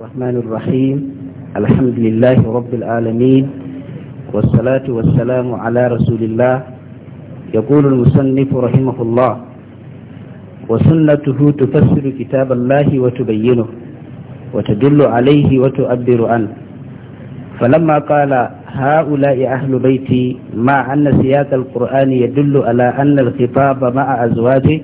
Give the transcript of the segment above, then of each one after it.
الرحمن الرحيم الحمد لله رب العالمين والصلاة والسلام على رسول الله يقول المصنف رحمه الله وسنته تفسر كتاب الله وتبينه وتدل عليه وتؤبر عنه فلما قال هؤلاء أهل بيتي مع أن سياق القرآن يدل على أن الخطاب مع أزواجه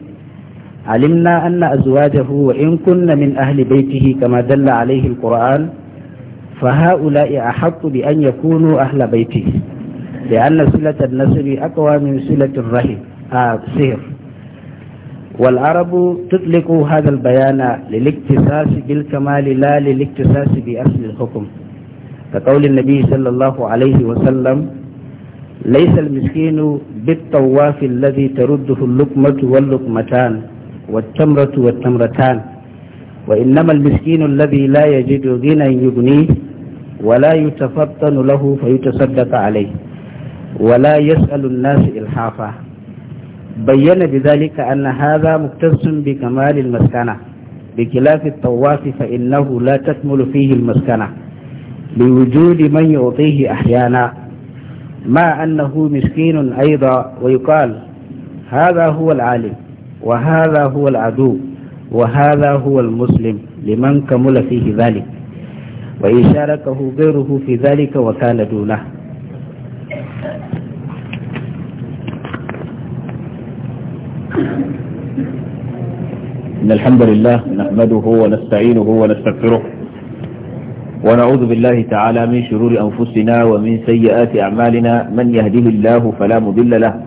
علمنا أن أزواجه وإن كن من أهل بيته كما دل عليه القرآن فهؤلاء أحق بأن يكونوا أهل بيته لأن صلة النسل أقوى من صلة الرحم آه سهر والعرب تطلق هذا البيان للاكتساس بالكمال لا للاكتساس بأصل الحكم كقول النبي صلى الله عليه وسلم ليس المسكين بالطواف الذي ترده اللقمة واللقمتان والتمرة والتمرتان وإنما المسكين الذي لا يجد غنى يغنيه ولا يتفطن له فيتصدق عليه ولا يسأل الناس إلحافا بين بذلك أن هذا مكتس بكمال المسكنة بخلاف الطواف فإنه لا تكمل فيه المسكنة لوجود من يعطيه أحيانا مع أنه مسكين أيضا ويقال هذا هو العالم وهذا هو العدو وهذا هو المسلم لمن كمل فيه ذلك وإن شاركه غيره في ذلك وكان دونه إن الحمد لله نحمده ونستعينه ونستغفره ونعوذ بالله تعالى من شرور أنفسنا ومن سيئات أعمالنا من يهده الله فلا مضل له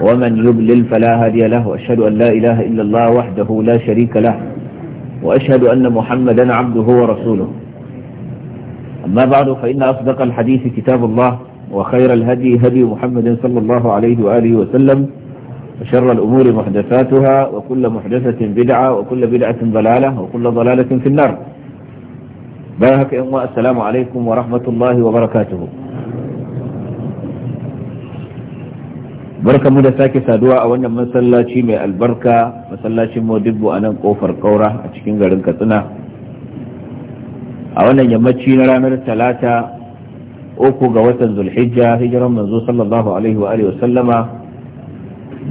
ومن يبلل فلا هادي له وأشهد أن لا إله إلا الله وحده لا شريك له وأشهد أن محمدا عبده ورسوله أما بعد فإن أصدق الحديث كتاب الله وخير الهدي هدي محمد صلى الله عليه وآله وسلم وشر الأمور محدثاتها وكل محدثة بدعة وكل بدعة ضلالة وكل ضلالة في النار بارك السلام عليكم ورحمة الله وبركاته barka mu da sake saduwa a wannan masallaci mai albarka masallacin modibbo a nan kofar kaura a cikin garin katsina a wannan yammaci na ranar talata uku ga watan zulhijja hijiran manzo sallallahu alaihi wa alihi wasallama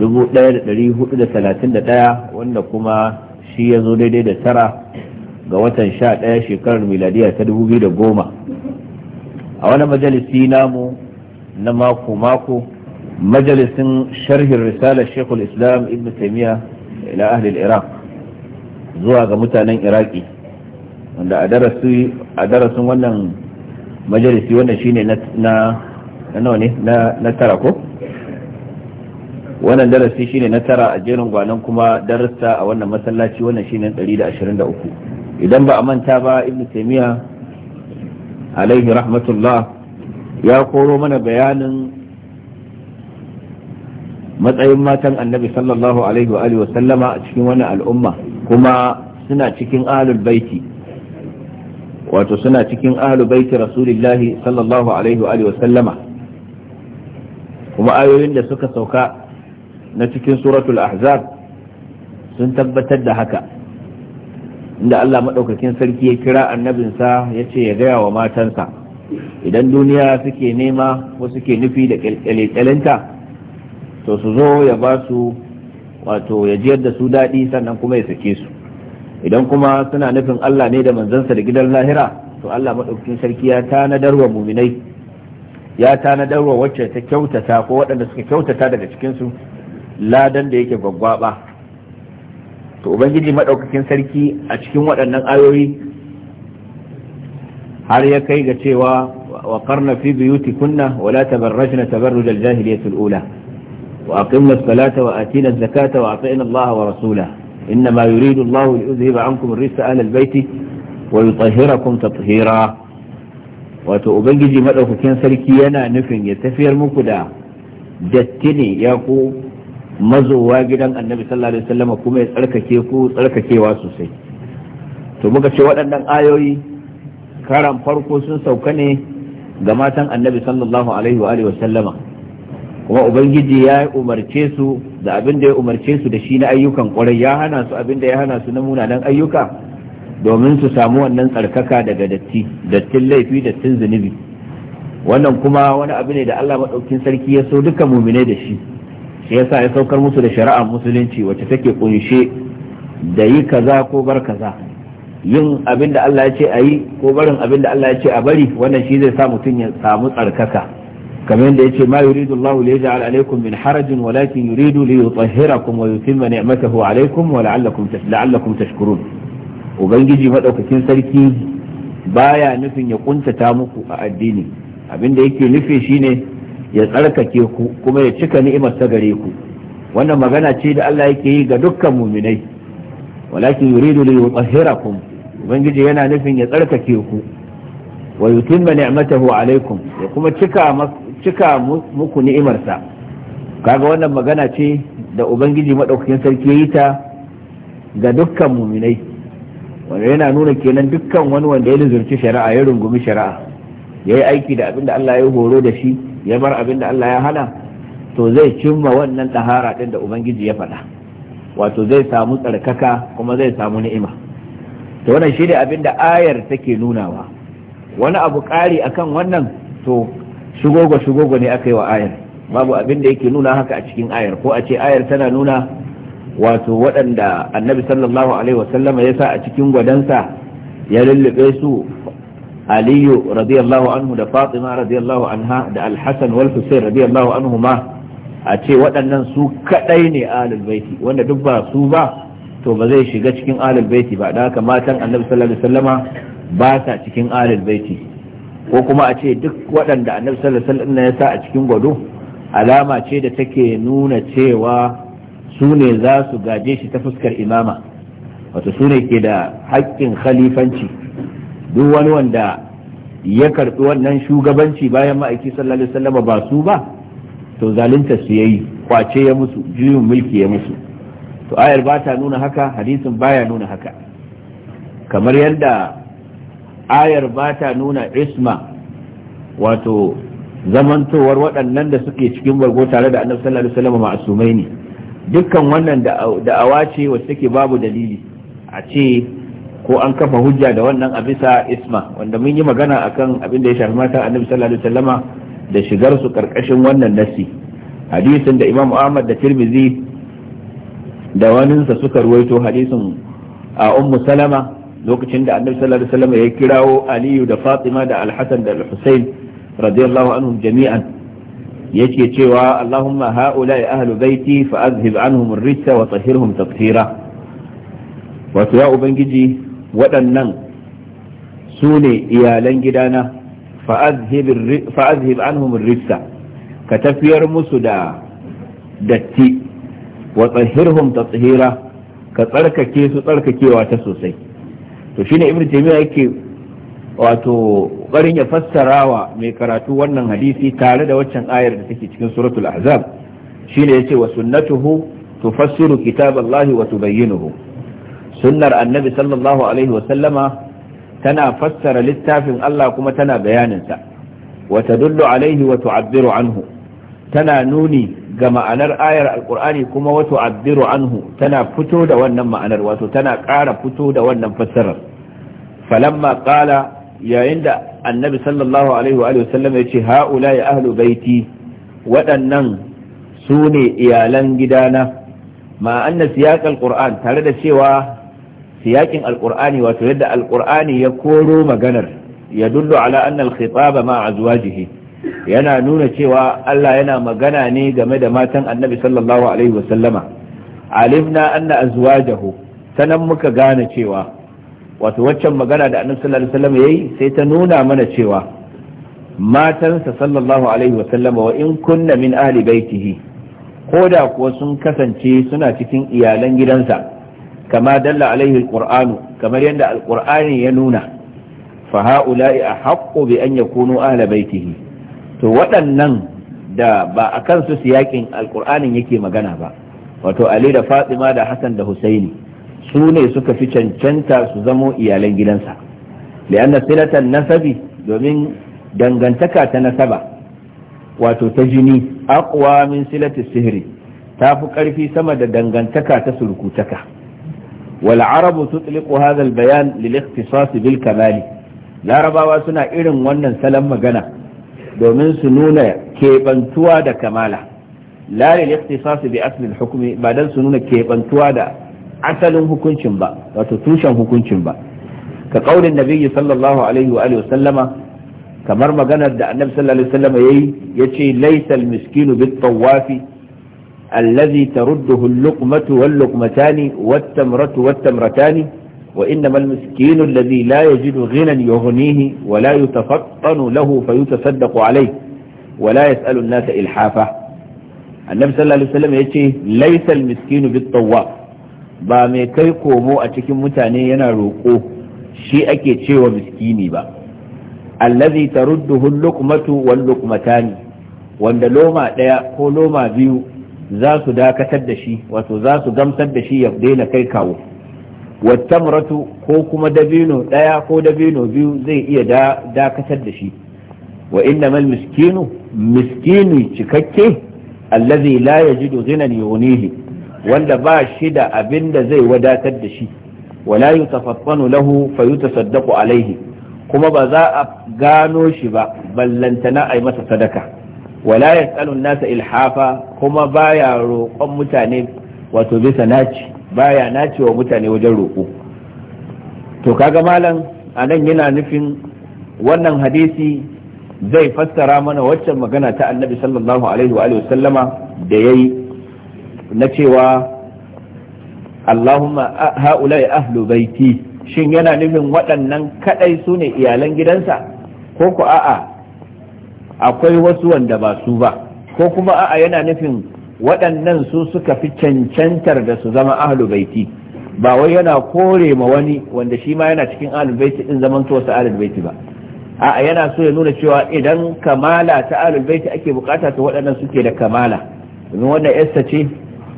1431 wanda kuma shi ya zo daidai da tara ga watan sha ɗaya shekarar miladiya ta goma a wani majalisi namu na mako-mako مجلس sharhin الرسالة shekul islam ابن taimiyya إلى أهل iraq zuwa ga mutanen iraki wanda a darasin wannan majalisi wannan shine na ne na tara wannan darasi shine na tara a jerin gwanon kuma darasta a wannan masallaci wannan shine 123 idan ba a manta ba ibn taymiya alaihi rahmatullah ya koro mana bayanin matsayin matan annabi sallallahu alaihi wa sallama a cikin wani al'umma kuma suna cikin ahlul baiti wato suna cikin ahlul baiti rasulillahi sallallahu alaihi wa sallama kuma ayoyin da suka sauka na cikin suratul ahzab sun tabbatar da haka inda Allah maɗaukakin sarki ya kira annabinsa ya ce ya gaya wa matansa idan duniya suke nema ko suke nufi da ƙyalƙyalinta to su zo ya ba su wato ya jiyar da su daɗi sannan kuma ya sake su idan kuma suna nufin Allah ne da manzansa da gidan lahira to Allah maɗaukin sarki ya tanadar wa muminai ya tanadar wa wacce ta kyautata ko waɗanda suka kyautata daga cikinsu ladan da yake gwaggwaba to ubangiji maɗaukakin sarki a cikin waɗannan ayoyi har ya kai ga cewa wa karna fi biyuti kunna wala tabarrajna tabarrujal jahiliyatul ula وأقمنا الصلاة وآتينا الزكاة وأطعنا الله ورسوله إنما يريد الله ليذهب عنكم الرجس أهل البيت ويطهركم تطهيرا wato ubangiji maɗaukakin sarki yana nufin ya tafiyar muku da datti ne ya ku mazowa gidan annabi sallallahu alaihi wasallam kuma ya tsarkake ku tsarkakewa sosai to muka ce waɗannan ayoyi karan farko sun sauka ne ga matan annabi sallallahu alaihi wa alihi kuma ubangiji ya umarce su da abin da ya umarce su da shi na ayyukan kwarai ya hana su abin da ya hana su na munanan ayyuka domin su samu wannan tsarkaka daga datti dattin laifi dattin zunubi wannan kuma wani abu ne da Allah maɗaukin sarki ya so duka muminai da shi shi yasa ya saukar musu da shari'ar musulunci wacce take kunshe da yi kaza ko bar kaza yin abin da Allah ya ce a yi ko barin abin da Allah ya ce a bari wannan shi zai sa mutum ya samu tsarkaka kamar yadda yace ma yuridu Allahu li yaj'al alaykum min harajin walakin yuridu li yutahhirakum wa yutimma ni'matahu alaykum wa la'allakum la'allakum tashkurun ubangiji madaukakin sarki baya nufin ya kuntata muku a addini abinda yake nufi shine ya tsarkake ku kuma ya cika ni'imar ta gare ku wannan magana ce da Allah yake yi ga dukkan muminai walakin yuridu li yutahhirakum ubangiji yana nufin ya tsarkake ku wa yutimma ni'matahu alaykum ya kuma cika cika muku ni'imarsa kaga wannan magana ce da ubangiji maɗaukakin sarki ya yi ta ga dukkan muminai wanda yana nuna kenan dukkan wani wanda ya lizurci shari'a ya rungumi shari'a ya yi aiki da abin da Allah ya horo da shi ya bar abin da Allah ya hana to zai cimma wannan ɗahara ɗin da ubangiji ya faɗa wato zai samu tsarkaka kuma zai samu ni'ima to wannan shi ne abin ayar take nunawa wani abu ƙari akan wannan to shugogo shugogo ne aka yi wa ayar babu abin da yake nuna haka a cikin ayar ko a ce ayar tana nuna wato waɗanda annabi sallallahu alaihi wasallama ya sa a cikin gwadansa ya lullube su aliyu radiyallahu anhu da fatima radiyallahu anha da alhassan wal husayn radiyallahu anhu ma a ce waɗannan su kaɗai ne alul baiti wanda duk ba su ba to ba zai shiga cikin alul baiti ba da haka matan annabi sallallahu alaihi wasallama ba sa cikin alul baiti ko kuma a ce duk waɗanda annabi sallallahu alaihi wasallam ya sa a cikin gwado alama ce da take nuna cewa su ne za su gaje shi ta fuskar imama wato su ne ke da haƙƙin khalifanci duk wani wanda ya karɓi wannan shugabanci bayan ma'aiki sallallahu alaihi wasallam ba su ba to zalunta su yayi kwace ya musu juyin mulki ya musu to ayar ba ta nuna haka hadisin baya nuna haka kamar yadda ayar ba ta nuna isma wato zamantowar waɗannan da suke cikin bargo tare da annabi sallallahu alaihi wasallam ma'asumai ne dukkan wannan da awace wacce take babu dalili a ce ko an kafa hujja da wannan a bisa isma wanda mun yi magana akan abin da ya shafi mata annabi sallallahu alaihi wasallama da shigar su karkashin wannan nasi hadisin da imam ahmad da tirmizi da waninsa suka ruwaito hadisin a ummu salama lokacin da annabi sallallahu alaihi wasallam ya kirawo aliyu da fatima da alhassan da alhusain radiyallahu anhum jami'an yake cewa allahumma haula'i ahlu baiti fa azhib anhum ar-rijsa wa tahhirhum tathira wato ya ubangiji waɗannan su ne iyalan gidana fa azhib anhum ar-rijsa ka tafiyar musu da datti wa tahhirhum hira ka tsarkake su tsarkakewa ta sosai to shine ibnu taymiya yake wato barin ya fassara wa mai karatu wannan hadisi tare da waccan ayar da take cikin suratul ahzab shine yace wa sunnatuhu tufassiru kitaballahi wa tubayyinuhu sunnar annabi sallallahu alaihi wa sallama tana fassara littafin Allah kuma tana bayaninsa wa tadullu alaihi wa tu'abbiru anhu tana nuni ga ma'anar ayar alkur'ani kuma wato abdiru anhu tana fito da wannan ma'anar wato tana ƙara fito da wannan fassarar falamma qala yayin da annabi sallallahu alaihi wa sallam yace haula ya ahlu baiti waɗannan su ne iyalan gidana ma anna qur'an tare da cewa siyakin alqur'ani wato yadda alkur'ani ya koro maganar ya dullu ala anna al-khitaba ma azwajihi yana nuna cewa Allah yana magana ne game da matan annabi sallallahu alaihi wasallama alimna anna azwajahu sanan muka gane cewa wato waccan magana da annabi sallallahu alaihi wasallama yayi sai ta nuna mana cewa matansa sallallahu alaihi wasallama wa in kunna min ahli baitihi koda kuwa sun kasance suna cikin iyalan gidansa kama dalla alaihi alqur'anu kamar yadda alqur'ani ya nuna fa ha'ula'i ahqqu bi an yakunu ahli baitihi to waɗannan da ba a kansu siyakin alkur'anin yake magana ba wato ali da fatima da hassan da husaini su ne suka fi cancanta su zamo iyalan gidansa li'anna silatan nasabi domin dangantaka ta nasaba wato ta jini aqwa min silati sihri ta fi ƙarfi sama da dangantaka ta surkutaka wal arabu tutliqu hadha al bayan lil ikhtisas kamali larabawa suna irin wannan salon magana domin su nuna keɓantuwa da kamala la lil bi asl hukmi ba dan su nuna keɓantuwa da asalin hukuncin ba wato tushen hukuncin ba ka kaulin nabiyyi sallallahu alaihi wa alihi sallama kamar maganar da annabi sallallahu alaihi wasallam yayi yace laysal miskinu bit tawafi alladhi tarudduhu al-luqmatu wal luqmatani wat tamratu wat tamratani وإنما المسكين الذي لا يجد غنى يغنيه ولا يتفطن له فيتصدق عليه ولا يسأل الناس إلحافة النبي صلى الله عليه وسلم يقول ليس المسكين بالطواف ba mai kai komo a cikin mutane yana roƙo shi ake cewa miskini ba allazi tarudduhu luqmatu wal luqmatani wanda loma ɗaya ko loma biyu za su dakatar da shi wato za su gamsar da shi ya daina kai kawu. wattamratu ko kuma dabino ɗaya ko dabino biyu zai iya dakatar da shi wa innamal miskinu miskini cikakke allazi la yajidu ghinan yunihi wanda ba shi da abin da zai wadatar da shi wala yutafattanu lahu fayutasaddaqu alaihi kuma ba za a gano shi ba ballantana ai masa sadaka wala yasalu nasa ilhafa kuma baya roƙon mutane wato bisa naci baya naci wa mutane wajen roƙo to kaga malam a nan yana nufin wannan hadisi zai fassara mana waccan magana ta annabi sallallahu alaihi wa sallama da yayi na cewa Allahumma ha'ulai ahlu baiti shin yana nufin waɗannan kaɗai su ne iyalan gidansa ko ku a'a akwai wasu wanda ba su ba ko kuma a'a yana nufin waɗannan su suka fi cancantar da su zama ahlul baiti ba wai yana kore ma wani wanda shi ma yana cikin ahlul baiti din zaman to sa ahlul baiti ba a yana so ya nuna cewa idan kamala ta ahlul baiti ake bukata to waɗannan suke da kamala domin wannan yasta ce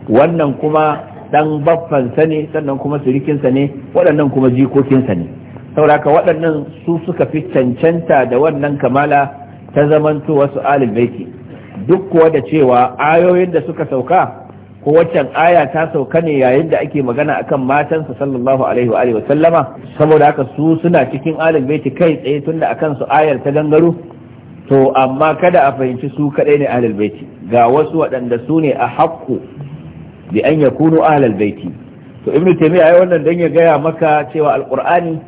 wannan kuma dan baffansa ne sannan kuma sa ne waɗannan kuma jikokinsa ne sauraka waɗannan su suka fi cancanta da wannan kamala ta zamanto wasu ahlul baiti duk kuwa da cewa ayoyin da suka sauka ko waccan aya ta sauka ne yayin da ake magana akan matansa sallallahu alaihi wa alihi sallama saboda haka su suna cikin alim baiti kai tsaye tunda akan su ayar ta gangaro to amma kada a fahimci su kadai ne ahlul baiti ga wasu waɗanda su ne a haƙƙo bi an yakunu alal baiti to ibnu taymiya ai wannan dan ya gaya maka cewa alqur'ani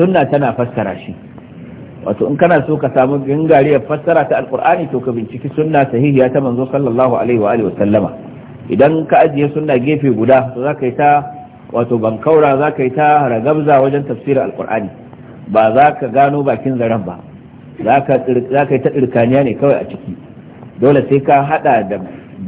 sunna tana fassara shi wato in kana so ka samu gangariyar fassara ta alkur'ani to ka binciki sunna sahihiya ta manzo sallallahu alaihi wa alihi sallama idan ka ajiye sunna gefe guda to yi ta wato bankaura ka yi ta ragabza wajen tafsirin alkur'ani ba za ka gano bakin zaren ba zaka ka yi ta tsirkaniya ne kawai a ciki dole sai ka hada da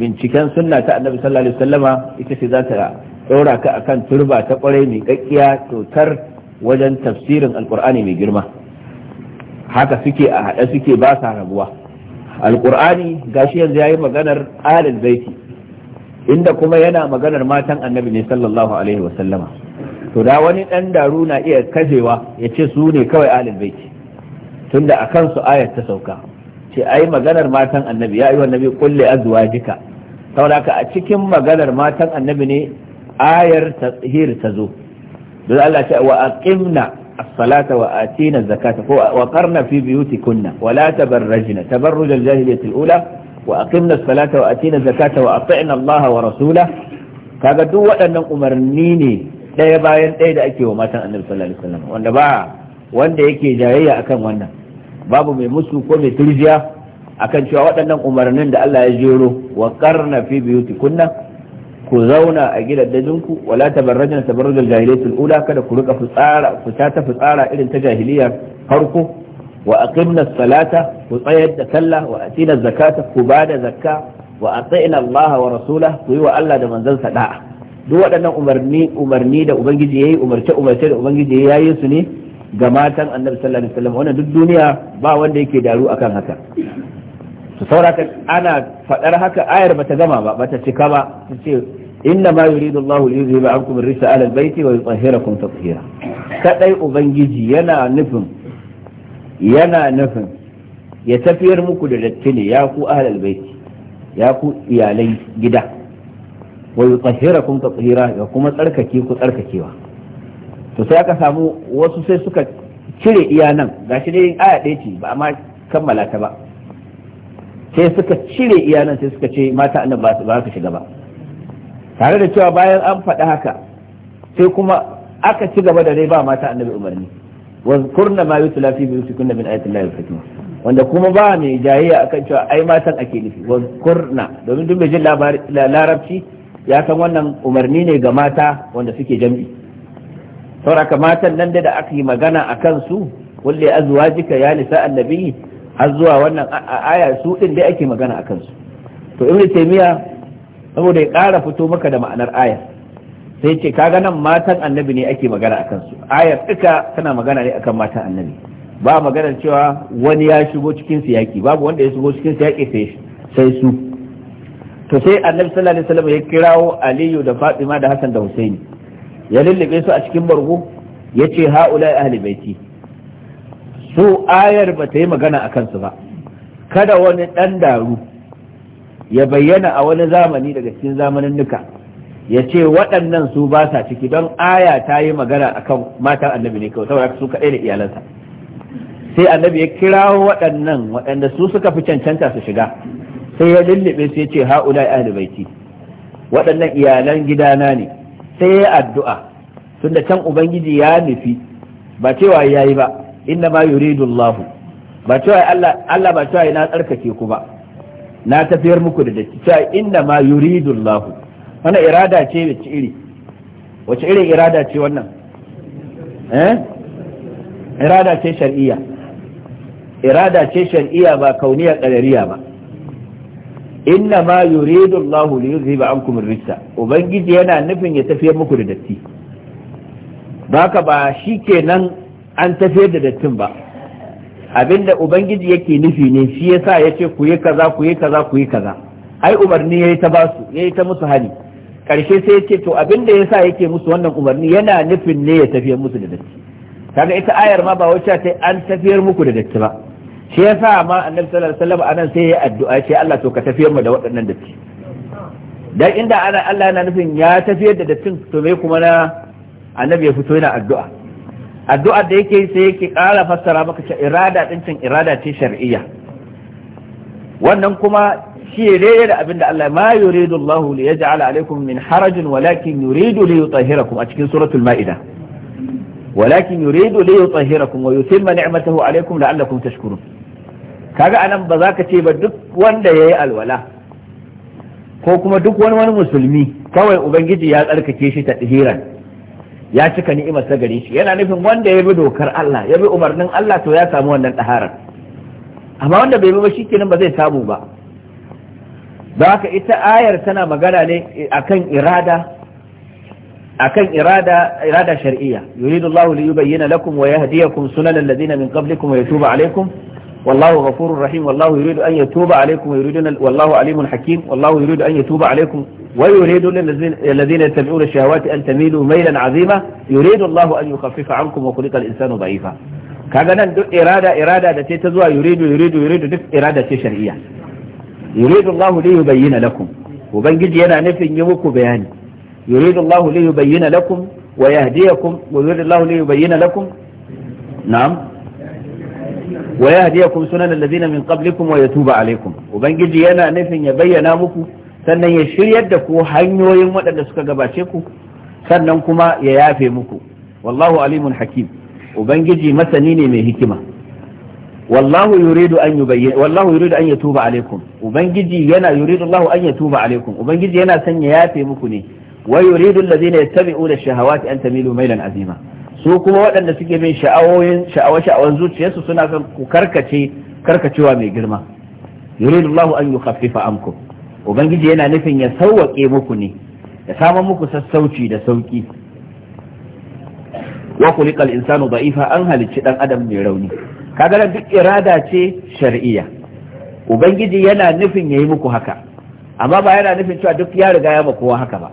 binciken sunna ta annabi sallallahu alaihi ita ce za ta ɗora ka akan turba ta kwarai mai kakkiya totar wajen tafsirin alkur'ani mai girma haka suke a haɗe suke ba sa rabuwa alƙur'ani gashi yanzu ya yi maganar alin baiti inda kuma yana maganar matan annabi ne sallallahu alaihi wasallama to da wani ɗan daru na iya kashewa, ya ce su ne kawai alin baiti tunda a kansu ayat ta sauka ce ai maganar matan annabi ya yi wa nabi azuwa jika saboda a cikin maganar matan annabi ne ayar tahir ta zo don Allah ce wa aqimna as-salata wa atina zakata ko wa qarna fi buyutikunna wa la tabarrajna tabarruj al-jahiliyyah al-ula wa aqimna as-salata wa zakata wa atina Allah wa rasulahu kaga duk waɗannan umarni ne ɗaya bayan ɗaya da ake wa matan annabi sallallahu alaihi wasallam wanda ba wanda yake jayayya akan wannan babu mai musu ko mai turjiya akan cewa waɗannan umarnin da Allah ya jero wa qarna fi kunna. ku zauna a gidajenku wala tabarrajna tabarrujal jahiliyatul ula kada ku rika fitsara ta fitsara irin ta jahiliya farko wa aqimna salata ku tsayar da sallah wa atina zakata ku bada zakka wa atina Allah wa rasulah ku yi wa Allah da manzansa da'a duk waɗannan umarni umarni da ubangiji yayi umarce umarce da ubangiji yayi su ne ga matan annabi sallallahu alaihi wasallam wannan duk duniya ba wanda yake daru akan haka to ana faɗar haka ayar bata gama ba bata cika ba ce inna ma yuridu Allahu li yuzhiba ankum ar-rijsa ala al-bayti wa yutahhirakum tatheera kadai ubangiji yana nufin yana nufin ya tafiyar muku da datti ne ya ku ahlal baiti ya ku iyalai gida wa yutahhirakum tatheera ya kuma tsarkake ku tsarkakewa to sai aka samu wasu sai suka cire iya nan gashi dai aya ɗaya ce ba ma kammala ta ba sai suka cire iya nan sai suka ce mata annabi ba su shiga ba tare da cewa bayan an faɗi haka sai kuma aka ci gaba da ba mata annabi umarni wa kurna ma yutla fi buyutikunna min ayati llahi al wanda kuma ba mai jayayya akan cewa ai matan ake nufi wa kurna domin duk bai larabci ya san wannan umarni ne ga mata wanda suke jam'i sauraka matan nan da aka yi magana a kansu kulle azwajika ya nisa annabi har zuwa wannan aya su din dai ake magana a kansu to ibnu taymiya saboda ya ƙara fito maka da ma'anar ayar sai ce kaga nan matan annabi ne ake magana a kansu ayar duka tana magana ne akan matan annabi ba maganar cewa wani ya shigo cikin yaƙi. babu wanda ya shigo cikin yaƙi sai su to sai annabi sallallahu alaihi wasallam ya kirawo aliyu da fatima da hasan da husaini ya lullube su a cikin bargo ya ce ha'ula ahli baiti su ayar ba ta yi magana a kansu ba kada wani ɗan daru ya bayyana a wani zamani daga cikin zamanin nuka ya ce waɗannan su ba sa ciki don aya ta yi magana a kan matan annabi ne kawai saboda su kaɗai da iyalansa sai annabi ya kira waɗannan waɗanda su suka fi cancanta su shiga sai ya lullube sai ya ce ha'ula ahli baiti waɗannan iyalan gidana ne sai ya addu'a tunda can ubangiji ya nufi ba cewa yi ba inna ma yuridu Allah ba cewa Allah ba cewa na tsarkake ku ba na tafiyar muku da datti cewa inna ma yuridu Allah wana irada ce wace iri wace irin irada ce wannan eh irada ce shar'iyya irada ce shar'iyya ba kauniyar qadariya ba inna ma yuridu Allah li yuzhiba ankum ar-rijsa ubangiji yana nufin ya tafiyar muku da datti baka ba shikenan an tafiyar da dattin ba Abin da ubangiji yake nufi ne shi yasa yace ku yi kaza ku yi kaza ku yi kaza ai umarni yayi ta basu yayi ta musu hali karshe sai yace to abin abinda yasa yake musu wannan umarni yana nufin ne ya tafiyar musu da datti kaga ita ayar ma ba wacce ta an tafiyar muku da datti ba shi yasa ma annabi sallallahu alaihi wasallam anan sai ya addu'a ya ce Allah to ka tafiyar mu da waɗannan datti dan inda ana Allah yana nufin ya tafiyar da dattin to me kuma na annabi ya fito yana addu'a addu'ar da yake sai yake ƙara fassara maka ce irada din can irada ce shar'iyya wannan kuma shi ne da abin da Allah ma yuridu Allah li yaj'ala alaikum min harajin walakin yuridu li yutahhirakum a cikin suratul ma'ida walakin yuridu li yutahhirakum wa yutimma ni'matahu alaikum la'allakum tashkurun kaga anan ba za ka ce ba duk wanda yayi alwala ko kuma duk wani wani musulmi kawai ubangiji ya tsarkake shi ta hiran ya cika ni'imar sa gare shi yana nufin wanda ya bi dokar Allah ya bi umarnin Allah to ya samu wannan taharar amma wanda bai bi ba shikenan ba zai samu ba don haka ita ayar tana magana ne akan irada akan irada irada shar'iyya yuridu Allah li yubayyana lakum wa yahdiyakum sunanal ladina min qablikum wa yatuba alaykum wallahu ghafurur rahim wallahu yuridu an yatuba alaykum yuridu wallahu alimun hakim wallahu yuridu an yatuba alaykum wa yuridu alladhina yattabi'una shahawati an tamilu maylan azima yuridu Allahu an yukhaffifa ankum wa khuliqa al-insanu da'ifa kaga nan duk irada irada da ce ta zuwa yuridu yuridu yuridu duk irada ce shar'iyya yuridu Allahu li yubayyana lakum ubangiji yana nufin yi muku bayani yuridu Allahu wa yahdiyakum sunan allazina min qablikum wa yatuba alaikum ubangiji yana nufin ya bayyana muku sannan ya shiryar da ku hanyoyin waɗanda suka gabace ku sannan kuma ya yafe muku wallahu alimun hakim ubangiji masani ne mai hikima wallahu yuridu an yubayyin wallahu yuridu an yatuba alaikum ubangiji yana yuridu Allahu an yatuba alaikum ubangiji yana son ya yafe muku ne wa yuridu allazina yattabi'una ash-shahawati an tamilu maylan azima su kuma waɗanda suke bin sha'awoyin sha'awa-sha'awan zuciyarsu suna kan ku karkace karkacewa mai girma yuridullahu an yukhaffifa ankum ubangiji yana nufin ya sauwake muku ne ya samu muku sassauci da sauki wa al insanu da'ifa an halicci dan adam mai rauni kaga duk irada ce shar'iyya ubangiji yana nufin yayi muku haka amma ba yana nufin cewa duk ya riga ya ba kowa haka ba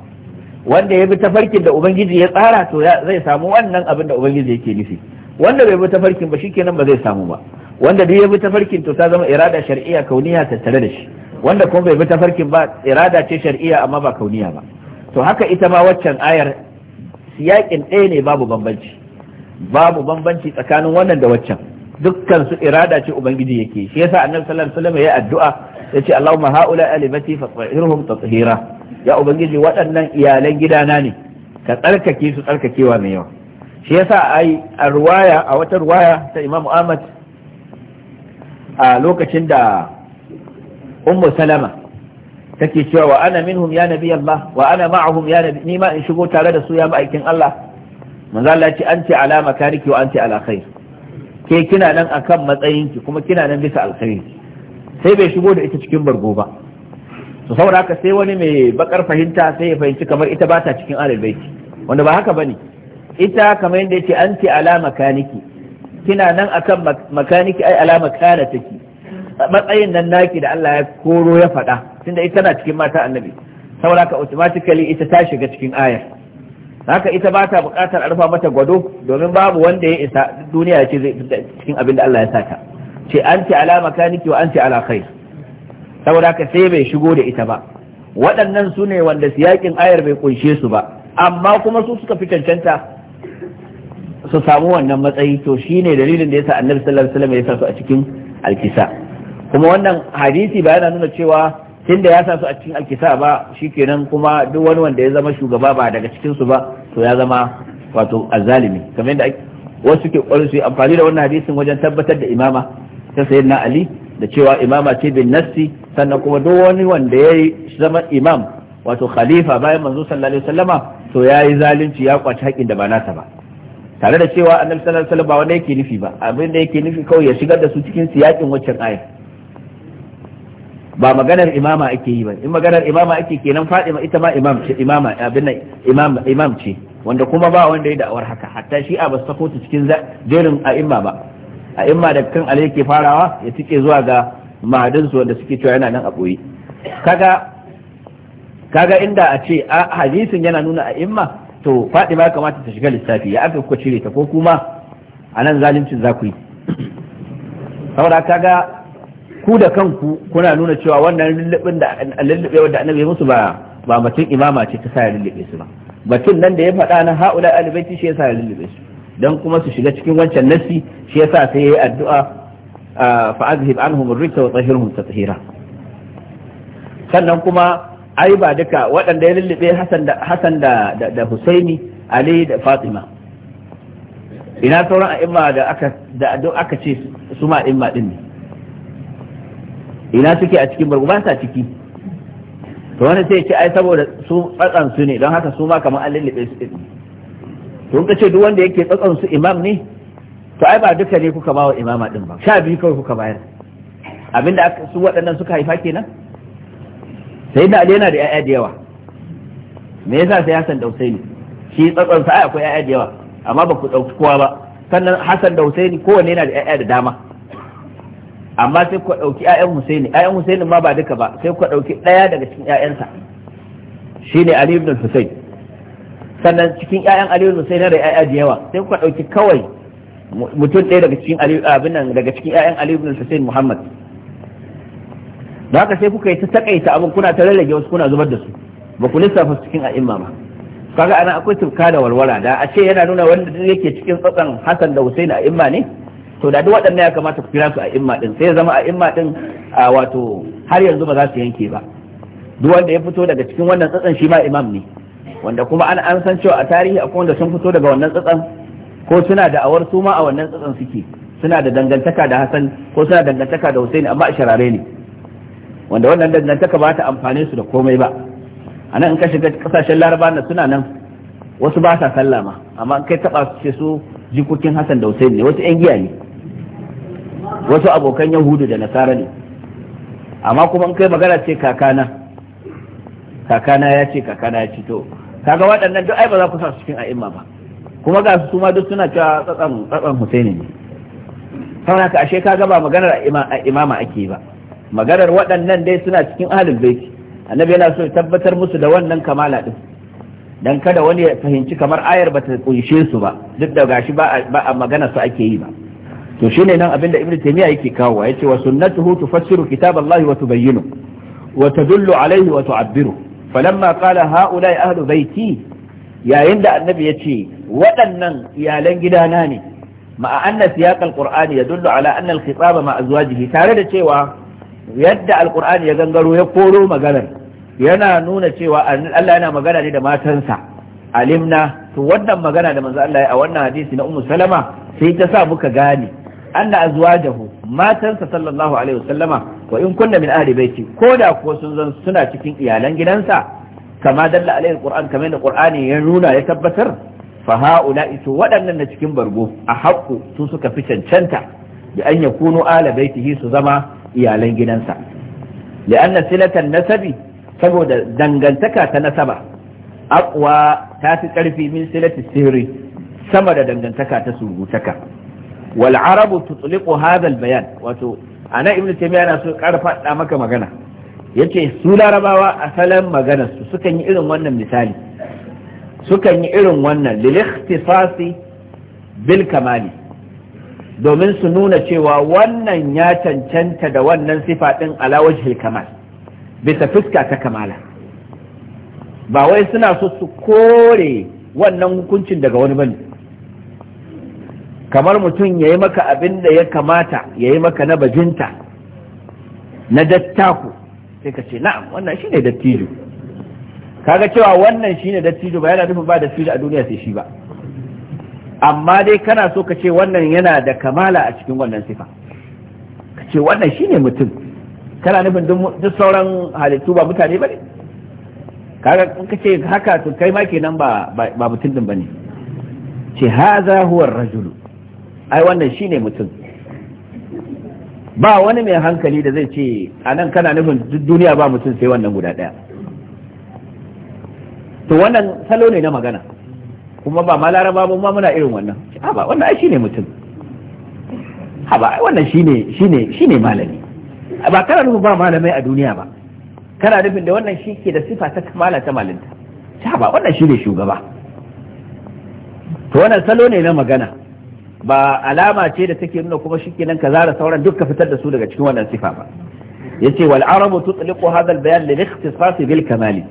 wanda ya bi tafarkin da ubangiji ya tsara to zai samu wannan abin da ubangiji yake nufi wanda bai bi tafarkin ba shikenan ba zai samu ba wanda duk ya bi tafarkin to ta zama irada shar'iyya kauniya tattare da shi wanda kuma bai bi tafarkin ba irada ce shar'iyya amma ba kauniya ba to haka ita ma waccan ayar siyakin ɗaya ne babu bambanci babu bambanci tsakanin wannan da waccan dukkan su irada ce ubangiji yake shi yasa annabi sallallahu alaihi wasallam ya addu'a yace Allahumma haula alibati fatahirhum tatheera ya ubangiji waɗannan iyalan gidana ne ka tsarkake su tsarkakewa mai yawa shi yasa ai a ruwaya a wata ruwaya ta Imam Ahmad a lokacin da Ummu Salama take cewa wa ana minhum ya nabi Allah wa ana ma'ahum ya nabi ni ma in shigo tare da su ya ma'aikin Allah manzo Allah ce anti alama makariki wa anti ala khair ke kina nan akan matsayinki kuma kina nan bisa alkhairi sai bai shigo da ita cikin bargo ba to saboda haka sai wani mai bakar fahimta sai ya fahimci kamar ita ba ta cikin ahlul baiti wanda ba haka ba ne? ita kamar yadda ce an anti ala makaniki kina nan akan makaniki ai ala makana take matsayin nan naki da Allah ya koro ya faɗa tunda ita na cikin mata annabi saboda haka automatically ita ta shiga cikin ayar haka ita ba ta buƙatar a rufa mata gwado domin babu wanda ya isa duniya ce zai cikin abin da Allah ya sata ce anti ala makaniki wa ce ala khair saboda haka sai bai shigo da ita ba waɗannan su ne wanda siyakin ayar bai kunshe su ba amma kuma su suka fi cancanta su samu wannan matsayi to ne dalilin da yasa annabi sallallahu alaihi wasallam ya sa su a cikin alkisa kuma wannan hadisi ba yana nuna cewa tunda ya sa su a cikin alkisa ba shikenan kuma duk wani wanda ya zama shugaba ba daga cikin su ba to ya zama wato azzalimi kamar yadda wasu ke kwarin su yi amfani da wannan hadisin wajen tabbatar da imama ta na ali da cewa imama ce bin nassi sannan kuma duk wani wanda ya zama imam wato khalifa bayan manzo sallallahu alaihi wasallama to yayi zalunci ya kwaci haƙin da ba nasa ba tare da cewa annabi sallallahu alaihi wasallam ba wanda yake nufi ba abin da yake nufi kawai ya shigar da su cikin siyakin waccan ayat ba maganar imama ake yi ba in maganar imama ake kenan fadima ita ma imam ce imama abin nan imam imam ce wanda kuma ba wanda ya da'awar haka hatta a ba su sako cikin jerin a'imma ba a in ma daga kan Ali yake farawa ya tike zuwa ga mahadinsu wanda suke cewa yana nan a boye kaga kaga inda a ce a hadisin yana nuna a imma to faɗi ba kamata ta shiga lissafi ya aka kuka cire ta ko kuma a nan zaluncin za ku yi saboda kaga ku da kanku kuna nuna cewa wannan lullubin da lullube wanda annabi musu ba ba mutum imama ce ta sa ya lullube su ba mutum nan da ya faɗa na haula alibaiti shi ya sa ya lullube su dan kuma su shiga cikin wancan nassi shi yasa sai yayi addu'a fa azhib anhum ar-rijsa wa tahhirhum tatheera sannan kuma ai ba duka waɗanda ya lullube Hassan da Hassan da da Husaini Ali da Fatima ina sauran a'imma da aka da don aka ce su ma a'imma din ne ina suke a cikin barku ba sa ciki to wani sai ya ce ai saboda su tsatsan su ne don haka su ma kamar an lullube su din to ka ce duk wanda yake tsatson su imam ne to ai ba duka ne kuka bawa imama din ba sha biyu kawai kuka bayar abinda su waɗannan suka haifa kenan sai da yana da 'ya'ya da yawa me yasa sai Hassan da Husaini shi tsatson sa akwai 'ya'ya da yawa amma ba ku ɗauki kowa ba sannan Hassan da Husaini kowanne yana da 'ya'ya da dama amma sai ku ɗauki 'ya'yan Husaini 'ya'yan Husaini ma ba duka ba sai ku ɗauki ɗaya daga cikin 'ya'yansa shine Ali ibn Husaini sannan cikin ƴaƴan aliyu sai na ƴaƴa da yawa sai kuka ɗauki kawai mutum ɗaya daga cikin aliyu abin nan daga cikin ƴaƴan aliyu ibn sai muhammad da haka sai kuka yi ta takaita abin kuna ta rarrage wasu kuna zubar da su ba ku lissafa cikin a'imma ba kaga ana akwai tufka da walwala da a ce yana nuna wanda yake cikin tsatsan hasan da husaini a imma ne to da duk waɗannan ya kamata ku kira su a imma din sai ya zama a imma din a wato har yanzu ba za su yanke ba duk wanda ya fito daga cikin wannan tsatsan shi ma imam ne wanda kuma an an san cewa a tarihi akwai wanda sun fito daga wannan tsatsan ko suna da awar su ma a wannan tsatsan suke suna da dangantaka da Hassan ko suna dangantaka da Hussein amma a sharare ne wanda wannan dangantaka ba ta amfane su da komai ba a nan in ka shiga kasashen laraba na suna nan wasu ba sa sallama ma amma kai taba su ce su jikokin Hassan da Hussein ne wasu yan giya ne wasu abokan Yahudu da Nasara ne amma kuma in kai magana ce kakana kakana ya ce kakana ya ce to kaga waɗannan duk ai ba za ku sa su cikin a'imma ba kuma ga su ma duk suna cewa tsatsan tsatsan Husaini ne saboda ka ashe kaga ba maganar imama ake ba maganar waɗannan dai suna cikin ahlul baiti annabi yana so ya tabbatar musu da wannan kamala din dan kada wani ya fahimci kamar ayar ba ta kunshe su ba duk da gashi ba a magana su ake yi ba to shine nan abinda ibnu taymiya yake kawo yace wa sunnatuhu tufassiru kitaballahi wa tubayyinu wa tadullu alaihi wa tu'abbiru falamma qala haula ahlu baiti yayin da annabi ya ce waɗannan iyalan gidana ne ma'a anna siyaq alqur'ani yadullu ala anna alkhitaba ma azwajihi tare da cewa yadda alqur'ani ya gangaro ya koro maganar yana nuna cewa Allah yana magana ne da matansa alimna to wannan magana da manzo Allah ya a wannan hadisi na ummu salama sai ta sa muka gane anna azwajahu matansa sallallahu alaihi wasallama wa in kunna min ahli baiti ko da ko sun zan suna cikin iyalan gidansa kama dalla alaihi alquran kama da qur'ani ya nuna ya tabbatar fa haula to waɗannan na cikin bargo a haƙƙu su suka fi cancanta da an yakunu ala baitihi su zama iyalan gidansa li'anna silatan nasabi saboda dangantaka ta nasaba aqwa ta fi ƙarfi min silati sirri sama da dangantaka ta surutaka Wal'arabu arabu tutliqu bayan wato ana ibnu taymiya yana so ƙara faɗa maka magana yace su larabawa asalan maganar su sukan yi irin wannan misali sukan yi irin wannan lil ikhtisasi bil kamali domin su nuna cewa wannan ya cancanta da wannan sifa din ala wajhil kamal bisa fuska ta kamala ba wai suna so su kore wannan hukuncin daga wani bane kamar mutum ya yi maka abin da ya kamata ya yi maka na bajinta na dattaku sai ka ce na'am wannan shi ne dattijo kaga cewa wannan shi ne dattijo ba yana nufin ba da a duniya sai shi ba amma dai kana so ka ce wannan yana da kamala a cikin wannan sifa ka ce wannan shi ne mutum kana nufin duk sauran halittu ba mutane ba ne kaga in ka ce haka to kai ma kenan ba mutum din ba ne ce haza huwa rajulu ai wannan shi ne mutum ba wani mai hankali da zai ce a nan kana nufin duniya ba mutum sai wannan guda ɗaya to wannan salo ne na magana kuma ba ma laraba ba ma muna irin wannan ba wannan ai ne mutum haba wannan ne shi ne malami ba kana nufin ba malamai a duniya ba kana nufin da wannan shi ke da sifa ta kamala ta malinta haba wannan shi ne shugaba to wannan salo ne na magana ba alama ce da take nuna kuma shikenan ka zara sauran duk ka fitar da su daga cikin wannan sifa ba yace wal arabu tutliqu hadha al bayan lil ikhtisas bil kamali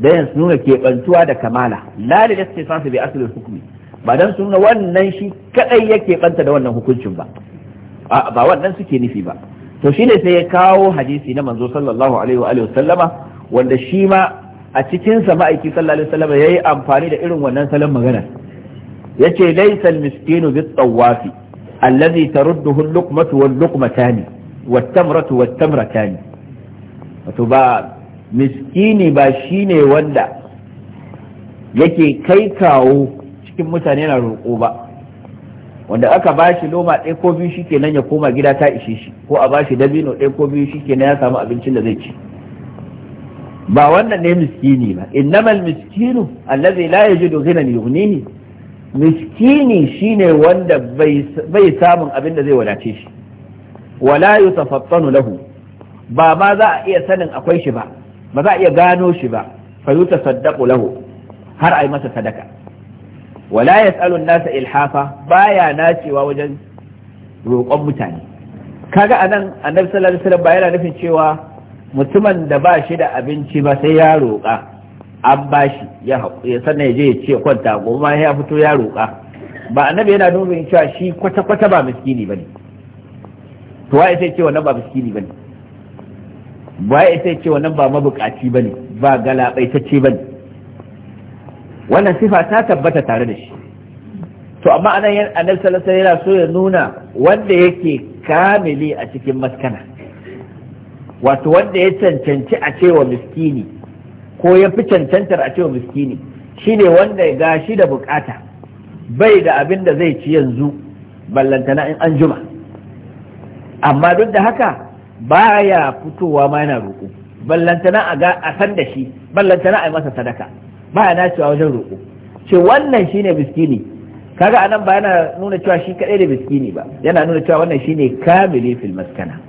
da yan nuna keɓantuwa da kamala la lil ikhtisas bi asl al hukmi ba dan su nuna wannan shi kadai yake banta da wannan hukuncin ba ba wannan suke nufi ba to shi ne sai ya kawo hadisi na manzo sallallahu alaihi wa alihi sallama wanda shi ma a cikin sa ma'aiki sallallahu alaihi wasallam yayi amfani da irin wannan salon maganar. yace laysa al-miskinu bit-tawafi allazi tarudduhu al-luqmatu wal-luqmatani wat-tamratu wat-tamratani wato ba miskini ba shine wanda yake kai kawo cikin mutane na roƙo ba wanda aka ba shi loma ɗaya ko biyu shi ya koma gida ta ishe shi ko a ba shi dabino ɗaya ko biyu shi nan ya samu abincin da zai ci ba wannan ne miskini ba innamal miskinu allazi la yajidu ghinan yughnihi miskini shine wanda bai samun abin da zai wadace shi wala yutafattanu lahu ba ma za a iya sanin akwai shi ba ba za a iya gano shi ba fa yutasaddaqu lahu har ai masa sadaka wala yas'alu nasa ilhafa baya nacewa wajen roƙon mutane kaga anan annabi sallallahu alaihi wasallam ba yana nufin cewa mutumin da ba shi da abinci ba sai ya roƙa an bashi ya sannan ya je ya ce kwanta gobe ya fito ya roƙa ba annabi yana nufin cewa shi kwata kwata ba miskini bane to wai sai ce wannan ba miskini bane wai sai ce wannan ba mabukaci bane ba galabaitacce bane wannan sifa ta tabbata tare da shi to amma anan annabi sallallahu alaihi yana so ya nuna wanda yake kamili a cikin maskana wato wanda ya cancanci a cewa miskini ko ya fi cancantar a cewa miskini shine wanda ya gashi da bukata bai da abin da zai ci yanzu ballantana in an juma amma duk da haka baya fitowa ma yana roƙo ballantana a ga a san da shi ballantana a yi masa sadaka baya nacewa wajen roƙo ce wannan shine miskini kaga anan ba yana nuna cewa shi kadai da miskini ba yana nuna cewa wannan shine kamili fil maskana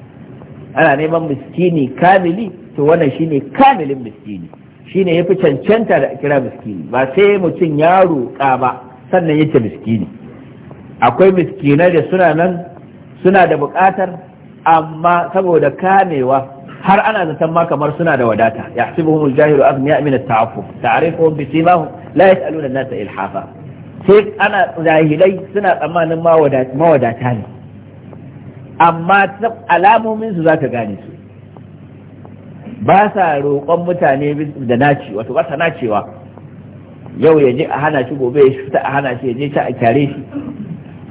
ana neman miskini kamili to wannan shine kamilin miskini shine fi cancanta da kira miskini ba sai mutum ya roƙa ba sannan yake miskini akwai miskinai da suna nan suna da buƙatar amma saboda kamewa har ana zaton ma kamar suna da wadata yahsibuhumul jahilu aghniya min at-ta'affuf ta'rifuhum bi simahum la yas'aluna an-nasa ilhafa sai ana zahilai suna tsammanin mawadata ne amma alamomin su zaka gane su ba sa roƙon mutane da naci wato ba sa nacewa yau ya je a hana shi gobe ya fita a hana shi ya je ta a kyare shi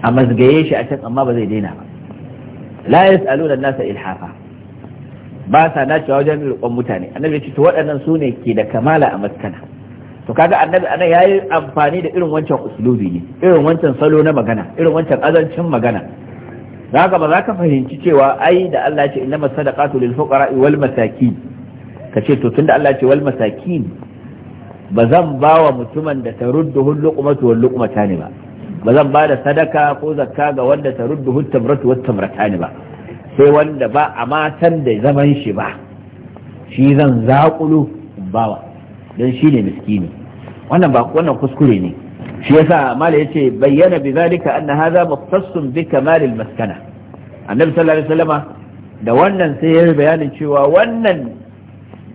a mazgaye shi a can amma ba zai daina ba la yas'aluna nasa ilhafa ba sa nacewa wajen roƙon mutane annabi ce to waɗannan su ne ke da kamala a maskana to kaga annabi anan yayi amfani da irin wancan uslubi ne irin wancan salo na magana irin wancan azancin magana zaka ba za ka fahimci cewa ai da Allah ya ce innamas sadaqatu lil fuqara wal masakin ka ce to tunda Allah ce wal masakin ba zan ba wa mutumin da ta ruddu hun luqmatu wal luqmata ne ba ba zan ba da sadaka ko zakka ga wanda ta ruddu hun tamratu wat tamrata ne ba sai wanda ba a matan da zaman shi ba shi zan zaƙulu bawa don shi ne miskini wannan ba wannan kuskure ne shi yasa mala yace bayyana bi zalika anna hadha muqtassun bi kamal al maskana annabi sallallahu alaihi wasallama da wannan sai ya bayanin cewa wannan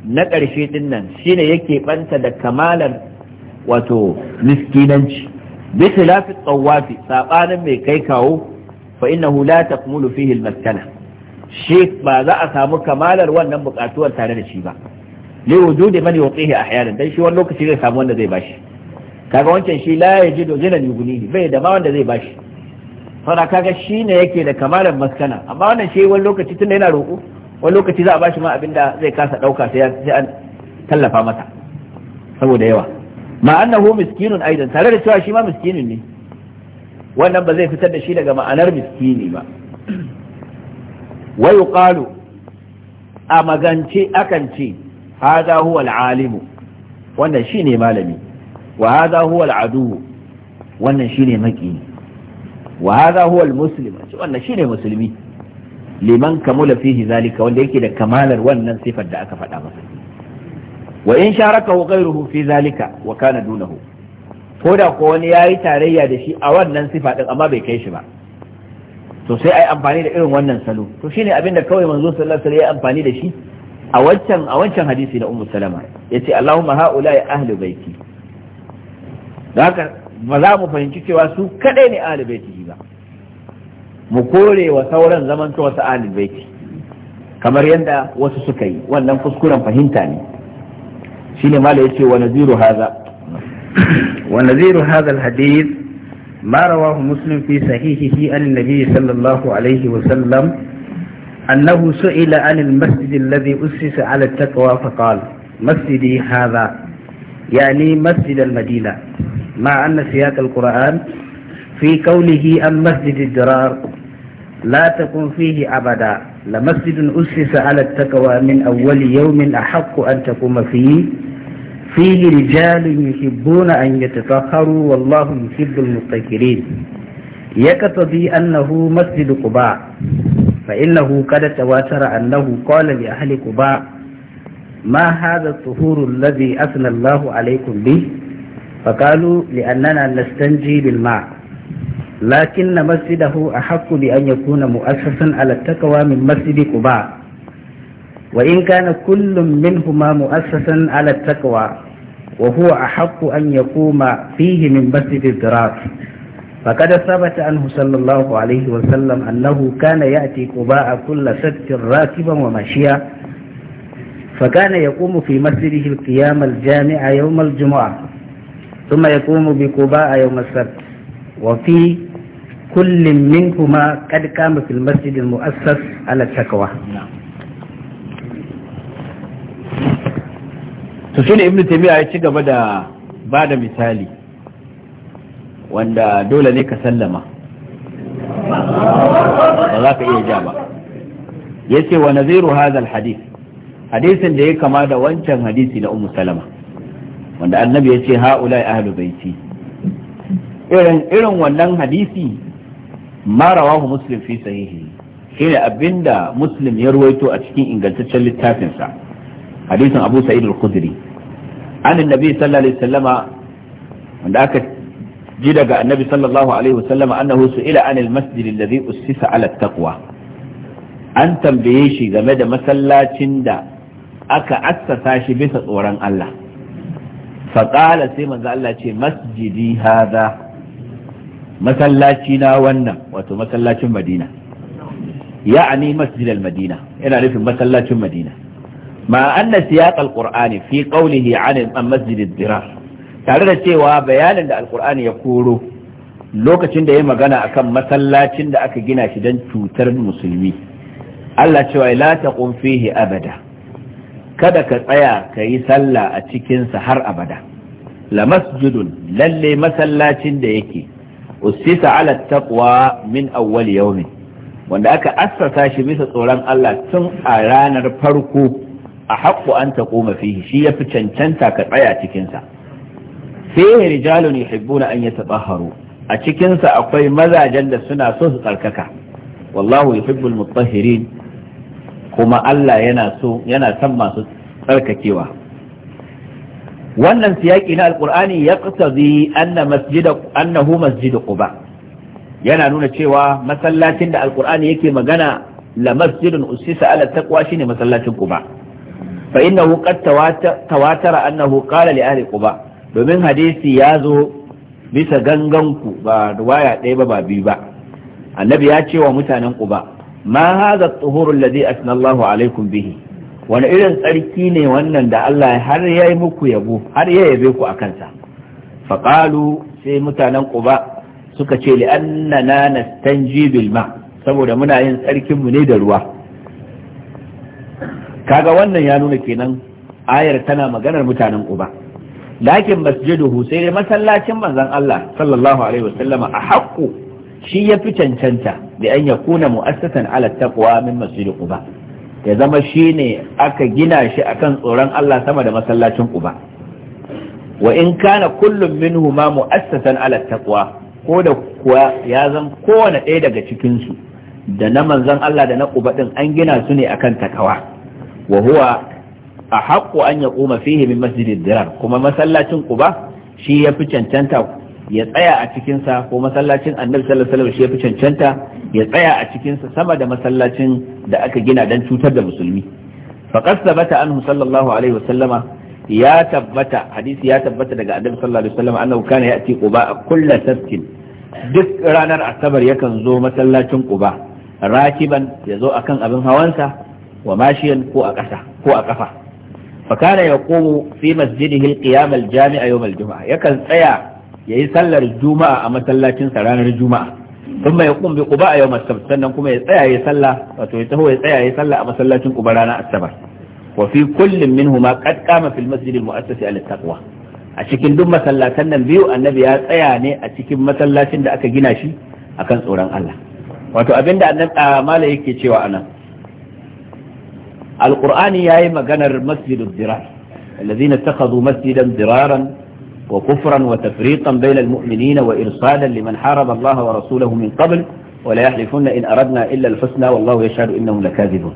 na ƙarshe ɗin nan shine yake banta da kamalar wato miskinanci bisa lafi tsawafi saɓanin mai kai kawo fa innahu la takmulu fihi al-maskana shi ba za a samu kamalar wannan buƙatuwar tare da shi ba li wujudi man yuqihi ahyanan dan shi wani lokaci zai samu wanda zai bashi kaga wancan shi la yajidu jinan yughnihi bai da ma wanda zai bashi Fara kaga shine yake da kamalar maskana amma wannan shi wani lokaci tunda yana roƙo wani lokaci za a bashi ma abin da zai kasa ɗauka sai an tallafa masa saboda yawa ma annahu miskinun aidan tare da cewa shi ma miskinin ne wannan ba zai fitar da shi daga ma'anar miskini ba Wai yuqalu a magance akan ce hadha huwa alimu wannan shine malami wa hadha huwa al-adu wannan shine maki wa hadha huwa al-muslim wannan shine musulmi liman kamula fihi zalika wanda yake da kamalar wannan sifar da aka faɗa masa wa in wa ghayruhu fi zalika wa kana dunahu ko da ko wani yayi tarayya da shi a wannan sifa din amma bai kai shi ba to sai ai amfani da irin wannan salo to shine abin da kawai manzo sallallahu alaihi wasallam ya amfani da shi a wancan a wancan hadisi na ummu salama yace allahumma haula ya ahli baiti haka ba za mu fahimci cewa su kadai ne ahli baiti ba mu kore wa sauran zaman to wasu alil baiti kamar yadda wasu suka yi wannan kuskuren fahimta ne shine mala yace wa naziru hadha wa naziru hadha alhadith ما رواه مسلم في صحيحه عن النبي صلى الله عليه وسلم أنه سئل عن المسجد الذي أسس على التقوى فقال مسجدي هذا يعني مسجد المدينة مع أن سياق القرآن في قوله عن مسجد الدرار لا تكن فيه أبدا لمسجد أسس على التقوى من أول يوم أحق أن تقوم فيه فيه رجال يحبون أن يتطهروا والله يحب المتكرين يكتضي أنه مسجد قباء فإنه قد تواتر أنه قال لأهل قباء ما هذا الطهور الذي أثنى الله عليكم به فقالوا لأننا نستنجي بالماء لكن مسجده أحق بأن يكون مؤسسا على التقوى من مسجد قباء وإن كان كل منهما مؤسسا على التقوى وهو أحق أن يقوم فيه من مسجد الدراس فقد ثبت عنه صلى الله عليه وسلم أنه كان يأتي قباء كل سبت راكبا ومشيا فكان يقوم في مسجده القيام الجامع يوم الجمعة ثم يقوم بقباء يوم السبت وفي kullum minhuma qad qama fil masjid al mu'assas ala taqwa ibnu taymiya ya ci gaba da bada misali wanda dole ne ka sallama ba za ka iya ja ba yace wa naziru hadha al hadith da ya kama da wancan hadisi na ummu salama wanda ha'ulai ahlul baiti irin wannan hadisi ma rawahu muslim fi sahihi shine abinda muslim ya ruwaito a cikin ingantaccen littafinsa hadisin abu sa'id al-khudri an annabi sallallahu alaihi wasallama wanda aka ji daga annabi sallallahu alaihi wasallama annahu su'ila anil masjid alladhi ussisa ala taqwa an tambaye shi game da masallacin da aka assasa shi bisa tsoron Allah faqala sai manzo Allah ce masjidi hadha masallaci na wannan wato masallacin madina ya'ani masjid al-madina yana nufin masallacin madina ma anna siyaq al-qur'ani fi qawlihi 'an masjid ad-dirar tare da cewa bayanin da al-qur'ani ya koro lokacin da ya magana akan masallacin da aka gina shi don cutar musulmi Allah cewa la taqum fihi abada kada ka tsaya ka yi sallah a cikinsa har abada la masjidun lalle masallacin da yake usisa ala taqwa min awwal yawmin wanda aka assasa shi bisa tsoron Allah tun a ranar farko a haƙƙo an taquma fihi shi yafi cancanta ka tsaya cikinsa sa sai rijalun yuhibbuna an yatatahharu a cikinsa akwai mazajen da suna so su tsarkaka wallahu yuhibbul mutahhirin kuma Allah yana so yana son masu tsarkakewa wannan siyaki na alkur'ani ya qasazi zi annahu masjid quba yana nuna cewa masallacin da alkur'ani yake magana la masjidun usisa ala taqwa shine masallacin quba fa innahu qad tawatara annahu qala li ahli quba domin hadisi ya zo bisa ganganku ba ruwaya ɗaya ba ba biyu ba annabi ya ce wa mutanen quba ma hadha at-tuhuru alladhi asnallahu alaikum bihi wani irin tsarki ne wannan da Allah har ya yi muku yabo har ya yabe ku a kansa faƙalu sai mutanen ƙuba suka ce annana nastanji bil ma saboda muna yin tsarkinmu ne da ruwa kaga wannan ya nuna kenan ayar tana maganar mutanen ƙuba lakin masjiduhu sai dai masallacin manzon Allah sallallahu alaihi wasallama a haƙƙo shi ya fi cancanta da an yakuna mu'assatan ala taqwa min masjid quba ya zama shi ne aka gina shi a kan tsoron Allah sama da masallacin uba wa in kana kullum min minhuma mu'assasan ala taqwa ko da kuwa ya zan kowane ɗaya daga cikinsu, da na manzan Allah da na Uba ɗin an gina su ne akan takawa wa huwa haƙƙo an yaquma fihi min masjidin dirar kuma masallacin Uba shi ya fi cancanta ya tsaya a cikinsa ko masallacin annabi sallallahu alaihi wasallam shi ya fi cancanta ya tsaya a cikinsa sama da masallacin da aka gina don cutar da musulmi faqad sabata anhu sallallahu alaihi wasallama ya tabbata hadisi ya tabbata daga annabi sallallahu alaihi wasallama annahu kana ya'ti quba kullu sabtin duk ranar asabar yakan zo masallacin quba rakiban ya zo akan abin hawansa wa mashiyan ko a ƙasa ko a ƙafa fakana ya komo fi masjidihi alqiyam aljami'a yawm aljum'a yakan tsaya yayi sallar juma'a a masallacinsa ranar juma'a sun mai hukum bi a yau masabt sannan kuma ya tsaya sallah wato ya taho ya tsaya ya sallah a masallacin quba ranar asabar wa fi kullin minhuma qad qama fil masjid al a cikin duk masallatan nan biyu annabi ya tsaya ne a cikin masallacin da aka gina shi akan tsoron Allah wato abinda annabi mala yake cewa anan alqur'ani yayi maganar masjidud dirar الذين اتخذوا مسجدا ضرارا وكفرا وتفريقا بين المؤمنين وإرصادا لمن حارب الله ورسوله من قبل ولا يحلفن إن أردنا إلا الحسنى والله يشهد إنهم لكاذبون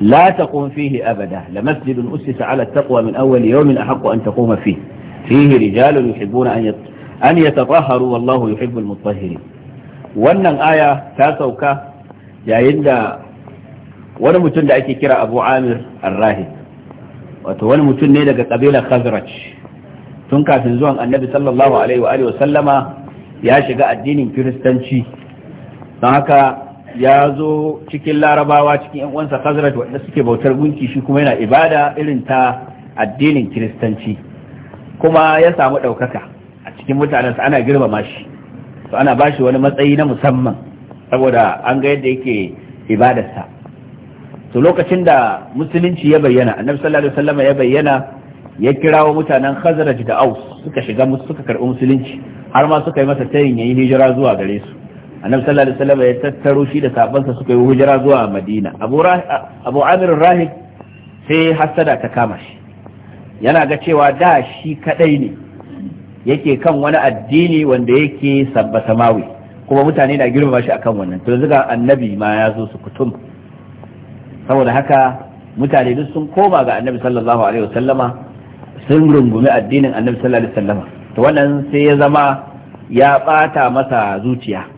لا تقوم فيه أبدا لمسجد أسس على التقوى من أول يوم أحق أن تقوم فيه فيه رجال يحبون أن أن يتطهروا والله يحب المطهرين wannan aya ta sauka yayin da wani mutum da ake kira abu amir arrahib wato wani mutum ne daga khazraj tun kafin zuwan annabi sallallahu alaihi wa alihi sallama ya shiga addinin kiristanci don haka ya zo cikin larabawa cikin yan uwansa khazraj wanda suke bautar gunki shi kuma yana ibada irin ta addinin kiristanci kuma ya samu ɗaukaka a cikin mutanen mutanensa ana girmama shi to ana bashi wani matsayi na musamman saboda an ga yadda yake ibadarsa to lokacin da musulunci ya bayyana annabi sallallahu alaihi wasallam ya bayyana ya kirawo mutanen khazraj da aus suka shiga suka karɓi musulunci har ma suka yi masa tayin yayi hijira zuwa gare su annabi sallallahu alaihi wasallam ya tattaro shi da sabansa suka yi hijira zuwa madina abu abu amir rahib sai hasada ta kama shi yana ga cewa da shi kadai ne yake kan wani addini wanda yake sabba samawi kuma mutane na girmama shi akan wannan to zuga annabi ma ya zo su kutum saboda haka mutane duk sun koma ga annabi sallallahu alaihi wasallama sun rungumi addinin annabi sallallahu alaihi wasallam to wannan sai ya zama ya bata masa zuciya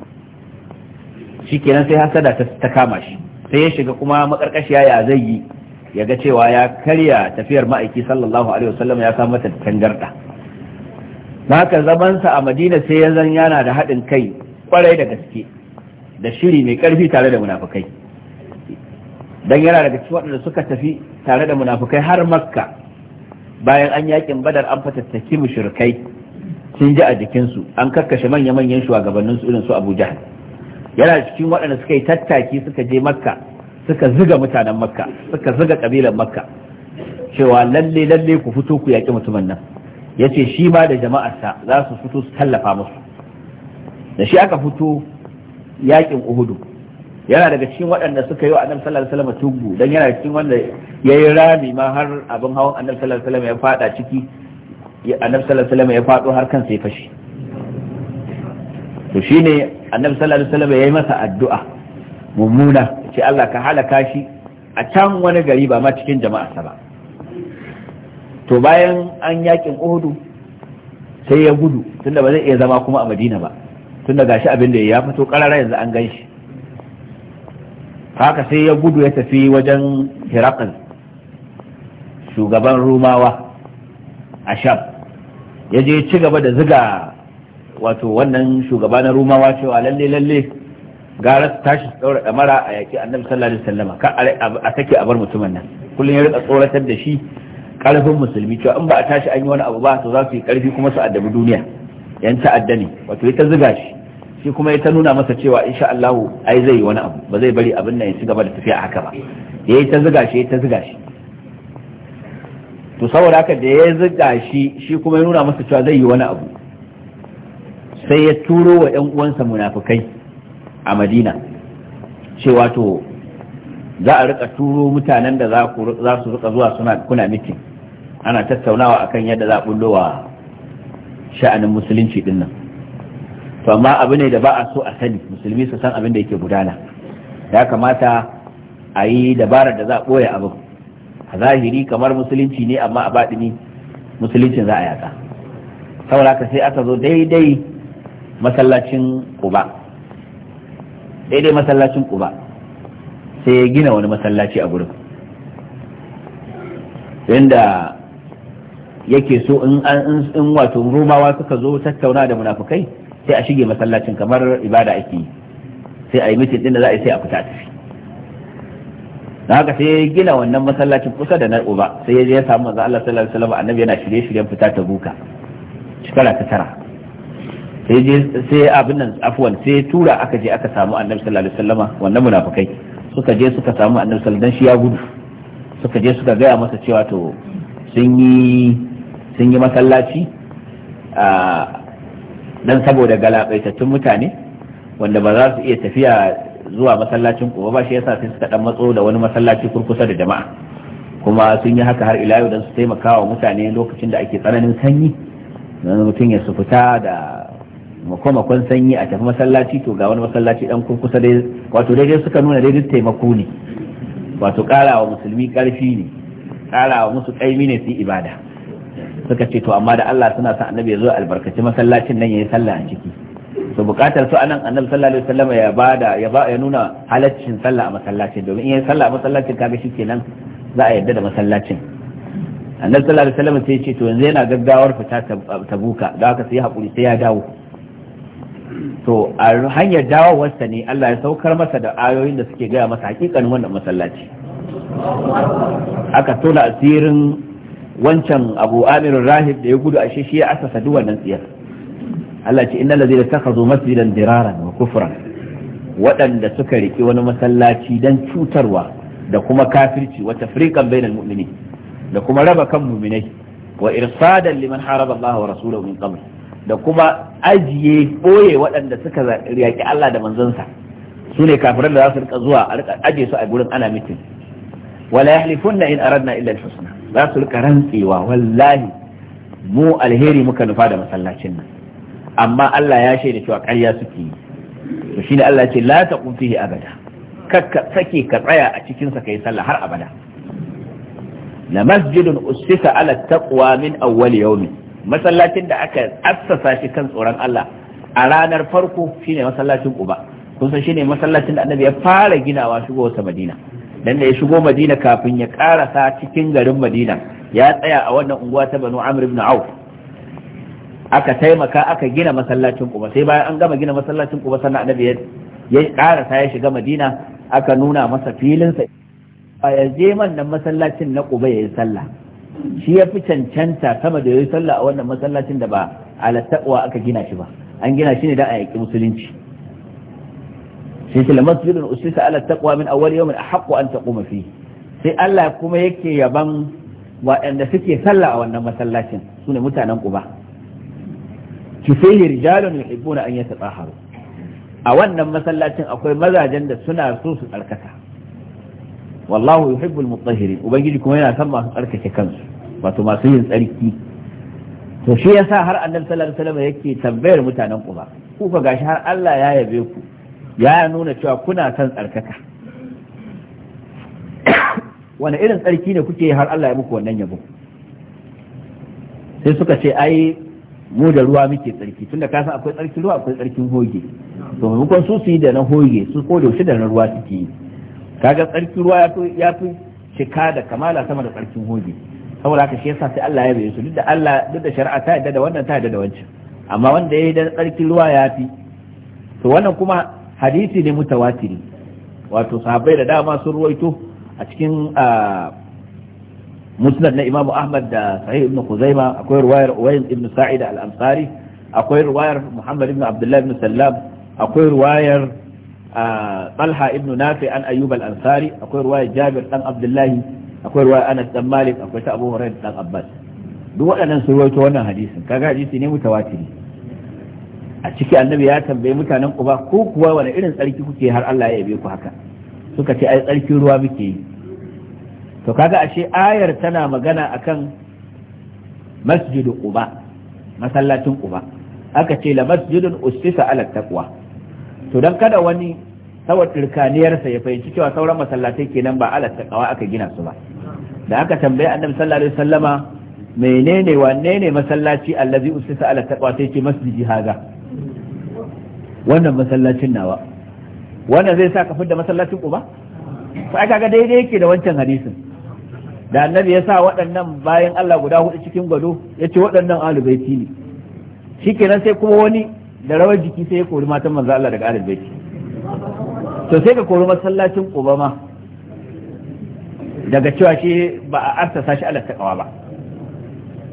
shikenan sai hasada ta kama shi sai ya shiga kuma makarkashiya ya zai yi ya ga cewa ya karya tafiyar ma'aiki sallallahu alaihi wasallam ya samu mata tangarda haka zamansa a madina sai ya zan yana da haɗin kai kwarai da gaske da shiri mai karfi tare da munafukai don yana daga cikin waɗanda suka tafi tare da munafukai har makka bayan an yakin badar an fatattaki mushrikai sun ji a jikinsu an karkashe manya-manyan shugabannin su irin su Abu Jahl yana cikin waɗanda suka yi tattaki suka je Makka suka ziga mutanen Makka suka ziga kabilan Makka cewa lalle lalle ku fito ku yaki mutumin nan yace shi ma da jama'arsa za su fito su tallafa musu da shi aka fito yakin Uhudu yana daga cikin waɗanda suka yi wa annabi sallallahu alaihi wasallam tugu dan yana cikin wanda yayi rami ma har abin hawan annabi sallallahu alaihi wasallam ya fada ciki annabi sallallahu alaihi wasallam ya fado har kansa ya fashi to shine annabi sallallahu alaihi wasallam yayi masa addu'a mummuna ce Allah ka halaka shi a can wani gari ba ma cikin jama'a ba to bayan an yakin Uhudu sai ya gudu tunda ba zai iya zama kuma a Madina ba tunda gashi abin da ya fito karara yanzu an gan shi haka sai ya gudu ya tafi wajen hirakal shugaban rumawa a sham ya je ci gaba da ziga wato wannan shugaba na rumawa cewa lalle lalle gara tashi su daura damara a yaki annabi sallallahu alaihi wasallam ka a take a bar mutumin nan kullum ya rika tsoratar da shi karfin musulmi cewa in ba a tashi an yi wani abu ba to za su yi karfi kuma su addabi duniya yan ta'adda ne wato ya ta ziga shi shi kuma ya ta nuna masa cewa insha Allah ai zai yi wani abu ba zai bari abin nan ya ci gaba da tafiya haka ba yayi ta ziga shi ta ziga shi to saboda haka da ya ziga shi shi kuma ya nuna masa cewa zai yi wani abu sai ya turo wa ƴan uwansa munafikai a Madina cewa to za a rika turo mutanen da za su rika zuwa suna kuna mitin ana tattaunawa akan yadda za a bullo wa sha'anin musulunci dinnan. to amma abu ne da ba a so a sani musulmi su san abin da yake gudana ya kamata a yi dabarar da za a ɓoye abin a zahiri kamar musulunci ne amma a baɗini musuluncin za a yaka saboda ka sai aka zo daidai masallacin kuba daidai masallacin kuba sai ya gina wani masallaci a gurin inda yake so in wato rumawa suka zo tattauna da munafukai sai a shige masallacin kamar ibada ake yi sai a yi mitin din da za a yi sai a fita tafi Na haka sai ya gina wannan masallacin kusa da na uba sai ya je ya samu manzo Allah sallallahu alaihi wasallam annabi yana shirye shiryen fita ta buka shekara ta tara sai je sai abin nan afwan sai tura aka je aka samu annabi sallallahu alaihi wasallama wannan munafikai suka je suka samu annabi sallallahu alaihi wasallam shi ya gudu suka je suka gaya masa cewa to sun yi sun yi masallaci a ah, dan saboda galabaitattun mutane wanda ba za su iya tafiya zuwa masallacin kuma ba shi yasa sai suka dan matso da wani masallaci kurkusa da jama'a kuma sun yi haka har ila yau dan su taimaka wa mutane lokacin da ake tsananin sanyi dan mutum ya su fita da makomakon sanyi a tafi masallaci to ga wani masallaci dan kurkusa dai wato dai dai suka nuna dai taimako ne wato karawa musulmi karfi ne karawa musu kaimi ne su ibada suka ce to amma da Allah suna sa annabi ya zo albarkaci masallacin nan yayi sallah a ciki to bukatar su anan annabi sallallahu alaihi wasallam ya bada ya ba ya nuna halaccin sallah a masallacin domin in yayi sallah a masallacin kaga kenan za a yadda da masallacin annabi sallallahu alaihi wasallam sai ya ce to yanzu yana gaggawar fita ta buka da haka sai hakuri sai ya dawo to a hanyar dawowarsa ne Allah ya saukar masa da ayoyin da suke gaya masa hakikanin wannan masallaci aka tona asirin wancan abu amirin rahib da ya gudu a shi ya asasa duk wannan tsiyar Allah ce innal ladzina takhazu masjidan diraran wa kufran waɗanda suka riki wani masallaci dan cutarwa da kuma kafirci wa tafriqan bainal mu'minin da kuma raba kan mu'minai wa irsadan liman haraba Allah wa rasulahu min qabl da kuma ajiye boye waɗanda suka yaki Allah da manzansa su ne kafiran da za su rika zuwa a aje su a gurin ana mitin wala yahlifunna in aradna illa al-husna za su rika rantsewa wallahi mu alheri muka nufa da masallacin nan amma Allah ya shaida cewa ƙarya suke yi to shine Allah ya ce la taqum fihi abada kakka sake ka tsaya a cikin sa kai sallah har abada la masjidun ussisa ala taqwa min awwal yawmin masallacin da aka assasa shi kan tsoron Allah a ranar farko shine masallacin Quba kun san shine masallacin da Annabi ya fara ginawa shigo ta Madina dan da ya shigo madina kafin ya karasa cikin garin madina ya tsaya a wannan unguwa ta banu amr ibn auf aka taimaka aka gina masallacin kuma sai bayan an gama gina masallacin kuma sannan annabi ya karasa ya shiga madina aka nuna masa filinsa a ya je nan masallacin na kuba ya yi sallah shi ya fi cancanta sama da ya yi sallah a wannan masallacin da ba taqwa aka gina shi ba an gina shi ne da a yaƙi musulunci sai ce lamasjidun usisa ala taqwa min awwal yawmin ahqqu an taquma fi sai Allah kuma yake yaban waɗanda suke sallah a wannan masallacin sune mutanen Quba ki sai rijalun yuhibbuna an yatatahharu a wannan masallacin akwai mazajen da suna so su tsarkaka wallahu yuhibbul mutahhirin ubangiji kuma yana son masu tsarkake kansu wato masu yin tsarki to shi yasa har annabi sallallahu alaihi wasallam yake tambayar mutanen Quba ku fa gashi har Allah ya yabe ku ya nuna cewa kuna son tsarkaka wani irin tsarki ne kuke har Allah ya muku wannan yabo sai suka ce ai mu da ruwa muke tsarki tunda ka san akwai tsarkin ruwa akwai tsarkin hoge to maimakon su su yi da na hoge su ko da da na ruwa suke yi kaga tsarkin ruwa ya fi cika da kamala sama da tsarkin hoge saboda haka shi yasa sai Allah ya bayyana su duk da Allah duk da shari'a ta yadda da wannan ta yadda da wancan amma wanda ya yi da tsarkin ruwa ya fi to wannan kuma hadisi ne mutawatiri wato sahabbai da dama sun ruwaito a cikin musnad na imamu ahmad da sahih ibn khuzaima akwai ruwayar uwayn ibn sa'id al-ansari akwai ruwayar muhammad ibn abdullah ibn sallam akwai ruwayar talha ibn nafi an ayyub al-ansari akwai ruwayar jabir dan abdullahi akwai ruwayar anas dan malik akwai ta abu hurairah dan abbas duk waɗannan sun ruwaito wannan hadisin kaga hadisi ne mutawatiri a ciki annabi ya tambayi mutanen uba ko kuwa wani irin tsarki kuke har Allah ya yabe ku haka suka ce ai tsarkin ruwa muke yi to kaga ashe ayar tana magana akan masjidu quba masallacin quba aka ce la masjidun ustisa ala taqwa to dan kada wani sawar sa ya fahimci cewa sauran masallatai kenan ba ala taqwa aka gina su ba da aka tambaye annabi sallallahu alaihi wasallama menene wanne ne masallaci allazi ustisa ala taqwa sai ce masjidi haza wannan masallacin nawa wannan zai sa ka fidda masallacin uba sai kaga daidai yake da wancan hadisin da annabi ya sa waɗannan bayan Allah guda hudu cikin gado ya ce waɗannan alubaiti ne shikenan sai kuma wani da rawar jiki sai ya kori matan manzo Allah daga alubaiti to sai ka kori masallacin uba ma daga cewa shi ba a arsasa shi Allah ta kawa ba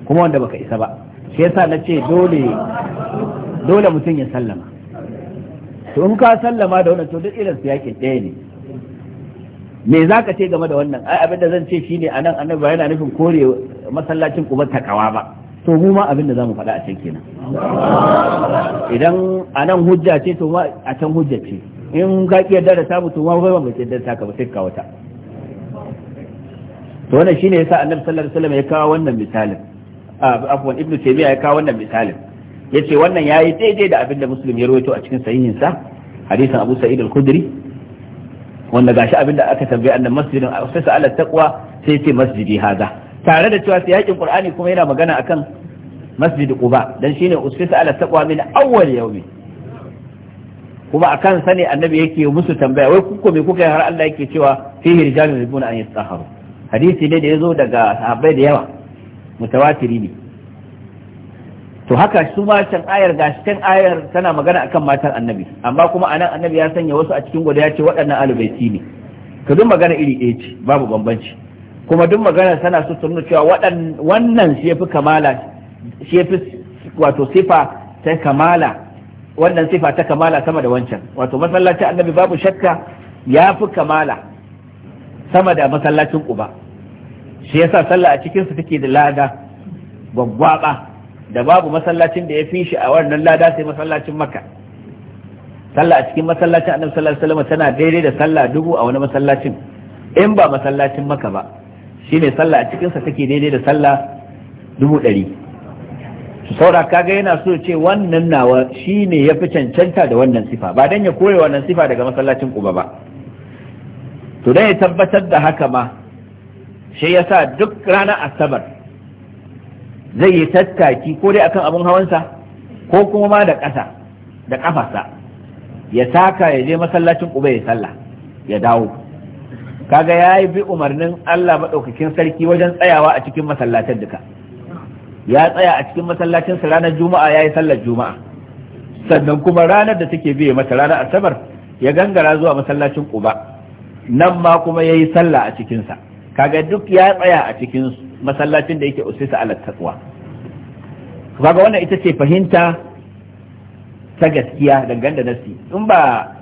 kuma wanda baka isa ba shi yasa na ce dole dole mutum ya sallama to in ka sallama da wannan to duk irin su ɗaya ne me za ka ce game da wannan ai abin da zan ce shi ne nan, anan annabi ba yana nufin kore masallacin kuma takawa ba to mu ma abin da za mu faɗa a can kenan idan a nan hujja ce to ma a can hujja ce in ka ƙi yarda da samu to ma ba mu ki yarda ta ka ba sai ka wata to wannan shine yasa annabi sallallahu alaihi wasallam ya kawo wannan misalin A ah, afwan ibnu taymiya ya kawo wannan misalin yace wannan yayi daidai da abin da ya rawaito a cikin sahihinsa. Hadisan hadisin abu sa'id al-khudri wanda gashi abin da aka tambaye annan masjidin sai sa'ala taqwa sai ce masjidi hada tare da cewa yakin qur'ani kuma yana magana akan masjid quba dan shine usfita ala taqwa min awwal yawmi kuma akan sani annabi yake musu tambaya wai kuka me kuka har Allah yake cewa fihi rijalun yubuna an yastaharu hadisi ne da yazo daga sahabbai da yawa mutawatiri ne to haka su ma can ayar gashi can ayar tana magana akan matan annabi amma kuma anan annabi ya sanya wasu a cikin guda ya ce waɗannan alubaiti ne Ka duk magana iri ɗaya ce babu bambanci kuma duk magana tana so ta nuna cewa wannan shi yafi kamala shi yafi wato sifa ta kamala wannan sifa ta kamala sama da wancan wato masallacin annabi babu shakka ya fi kamala sama da masallacin uba shi yasa sallah a su take da lada gwaggwaba da babu masallacin da ya fi shi a wannan lada sai masallacin makka sallah a cikin masallacin annabi sallallahu alaihi wasallam tana daidai da sallah dubu a wani masallacin in ba masallacin makka ba shine sallah a cikin sa take daidai da sallah dubu ɗari su saura kaga yana so ce wannan nawa shine ya fi cancanta da wannan sifa ba dan ya koya wannan sifa daga masallacin kuba ba to dai ya tabbatar da haka ma shi yasa duk ranar asabar zai yi tattaki ko dai akan abin hawansa ko kuma ma da ƙasa da ƙafarsa ya saka ya je masallacin uba ya sallah ya dawo kaga ya yi bi umarnin Allah maɗaukakin sarki wajen tsayawa a cikin masallacin duka ya tsaya a cikin masallacin sa ranar juma'a ya yi sallar juma'a sannan kuma ranar da take biye mata ranar asabar ya gangara zuwa masallacin uba nan ma kuma ya yi sallah a cikinsa kaga duk ya tsaya a cikinsu masallacin da yake usisa ala taqwa kaga wannan ita ce fahimta ta gaskiya dangane da nasi in ba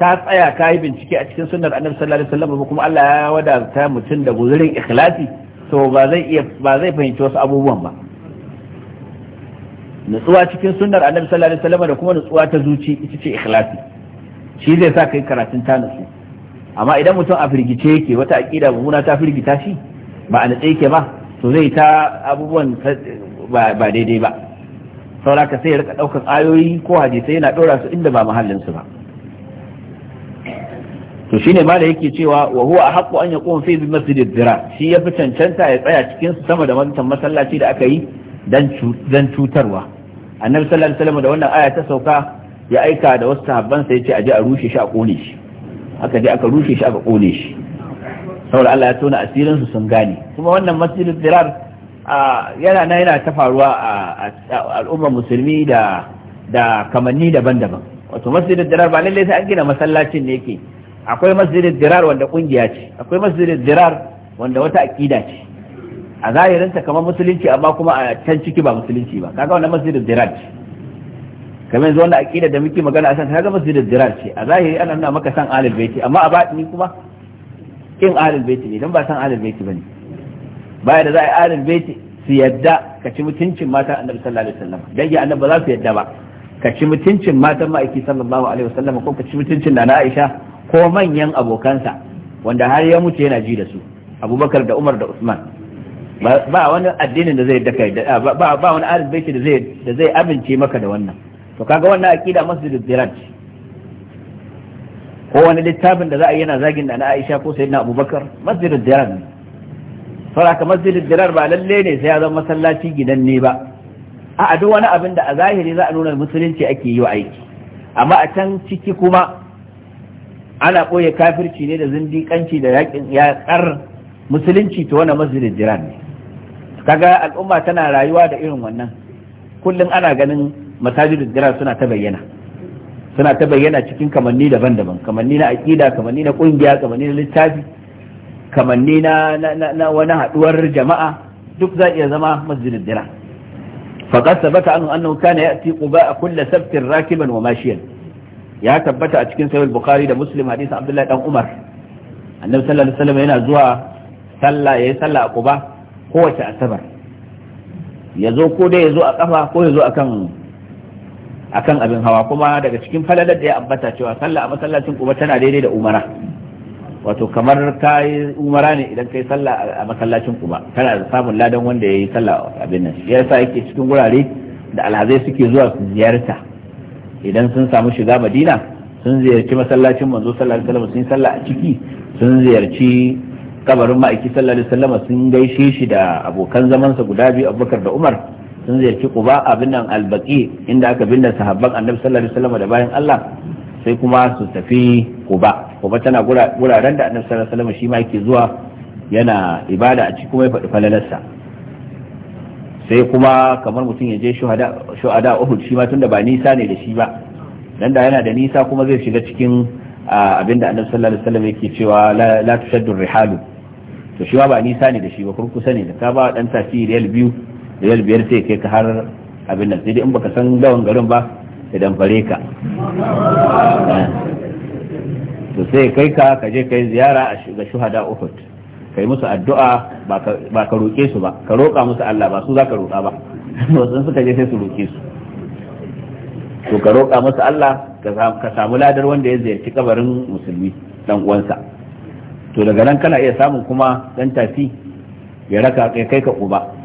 ka tsaya ka yi bincike a cikin sunnar annabi sallallahu alaihi wasallam kuma Allah ya wadata mutum da guzurin ikhlasi to ba zai iya ba zai fahimci wasu abubuwan ba nutsuwa cikin sunnar annabi sallallahu alaihi wasallam da kuma nutsuwa ta zuci ita ce ikhlasi shi zai sa kai karatun ta nutsu amma idan mutum a firgice yake wata aqida mummuna ta firgita shi ba a natse yake ba to zai ta abubuwan ba daidai ba sauraka sai ya rika ɗaukar ayoyi ko hadisai yana ɗora su inda ba mahallinsu ba to shine ma da yake cewa wa huwa haqqu an yaqum fi masjid dira shi ya fi cancanta ya tsaya cikin su sama da wancan masallaci da aka yi dan dan cutarwa annabi sallallahu alaihi wasallam da wannan aya ta sauka ya aika da wasu sahabban ce a aje a rushe shi a kone shi aka je aka rushe shi aka kone shi saboda Allah ya tona asirin su sun gane kuma wannan masjidul dirar yana na yana ta faruwa a al'ummar musulmi da da kamanni daban-daban wato masjidul dirar ba lallai sai an gina masallacin ne yake akwai masjidul dirar wanda kungiya ce akwai masjidul dirar wanda wata akida ce a zahirinta kamar musulunci amma kuma a can ciki ba musulunci ba kaga wannan masjidul dirar ce kamar yanzu wannan akida da muke magana a san kaga masjidul dirar ce a zahiri ana nuna maka san alil baiti amma a ni kuma kin alil baiti ne don ba san alil baiti bane baya da za a yi alil baiti su yadda ka ci mutuncin matan annabi sallallahu alaihi wasallam dangi annabi ba za su yadda ba ka ci mutuncin matan ma'aiki sallallahu alaihi wasallam ko ka ci mutuncin nana Aisha ko manyan abokansa wanda har ya mutu yana ji da su Abubakar da Umar da Usman ba wani addinin da zai yadda ba ba wani alil baiti da zai amince maka da wannan to kaga wannan aqida masjidul diraj ko wani littafin da za a yi yana zagin da na Aisha ko sayyidina Abubakar masjidul dirar ne saboda masjidul dirar ba lalle ne sai ya zama masallaci gidan ne ba a duk wani abin da a zahiri za a nuna musulunci ake yi wa aiki amma a can ciki kuma ana ɓoye kafirci ne da zindiƙanci da yaƙin yaƙar musulunci to wani masjidin dirar ne kaga al'umma tana rayuwa da irin wannan kullum ana ganin masajidin dirar suna ta bayyana suna ta bayyana cikin kamanni daban-daban kamanni na aƙida kamanni na ƙungiya kamanni na littafi kamanni na na wani haɗuwar jama'a duk za iya zama masjidin dira faqad sabata anhu annahu kana ya'ti quba kulla sabtin rakiban wa mashiyan ya tabbata a cikin sahih bukhari da muslim hadisin abdullahi dan umar annabi sallallahu alaihi wasallam yana zuwa sallah yayi sallah a quba kowace asabar ya zo ko dai ya zo a kafa ko ya zo akan akan abin hawa kuma daga cikin falalar da ya ambata cewa sallah a masallacin kuma tana daidai da umara wato kamar ka yi umara ne idan kai sallah a masallacin kuma tana da samun ladan wanda ya yi sallah abin nan ya sa yake cikin wurare da alhazai suke zuwa su ziyarta idan sun samu shiga madina sun ziyarci masallacin manzo sallallahu alaihi wasallam sun sallah a ciki sun ziyarci kabarin ma'aiki sallallahu alaihi wasallam sun gaishe shi da abokan zamansa guda biyu abubakar da umar sun ziyarci ba abin albaki inda aka binne sahabban annabi sallallahu alaihi wasallam da bayan Allah sai kuma su tafi kuba kuba tana guraren da annabi sallallahu alaihi wasallam shi ma yake zuwa yana ibada a ciki kuma ya faɗi falalarsa sai kuma kamar mutum ya je shuhada uhud shi ma tunda ba nisa ne da shi ba dan da yana da nisa kuma zai shiga cikin abinda annabi sallallahu alaihi wasallam yake cewa la tushaddu rihalu to shi ba nisa ne da shi ba kurkusa ne da ka ba dan tafi riyal biyu riyal biyar sai kai ka har abin nan sai dai in baka san dawon garin ba idan fare ka to sai kai ka ka je kai ziyara ga shuhada uhud kai musu addu'a ba ka roƙe su ba ka roƙa musu Allah ba su za ka roƙa ba wasu suka je sai su roƙe su to ka roƙa musu Allah ka samu ladar wanda ya ziyarci kabarin musulmi dan uwansa to daga nan kana iya samun kuma dan tafi ya raka kai kai ka uba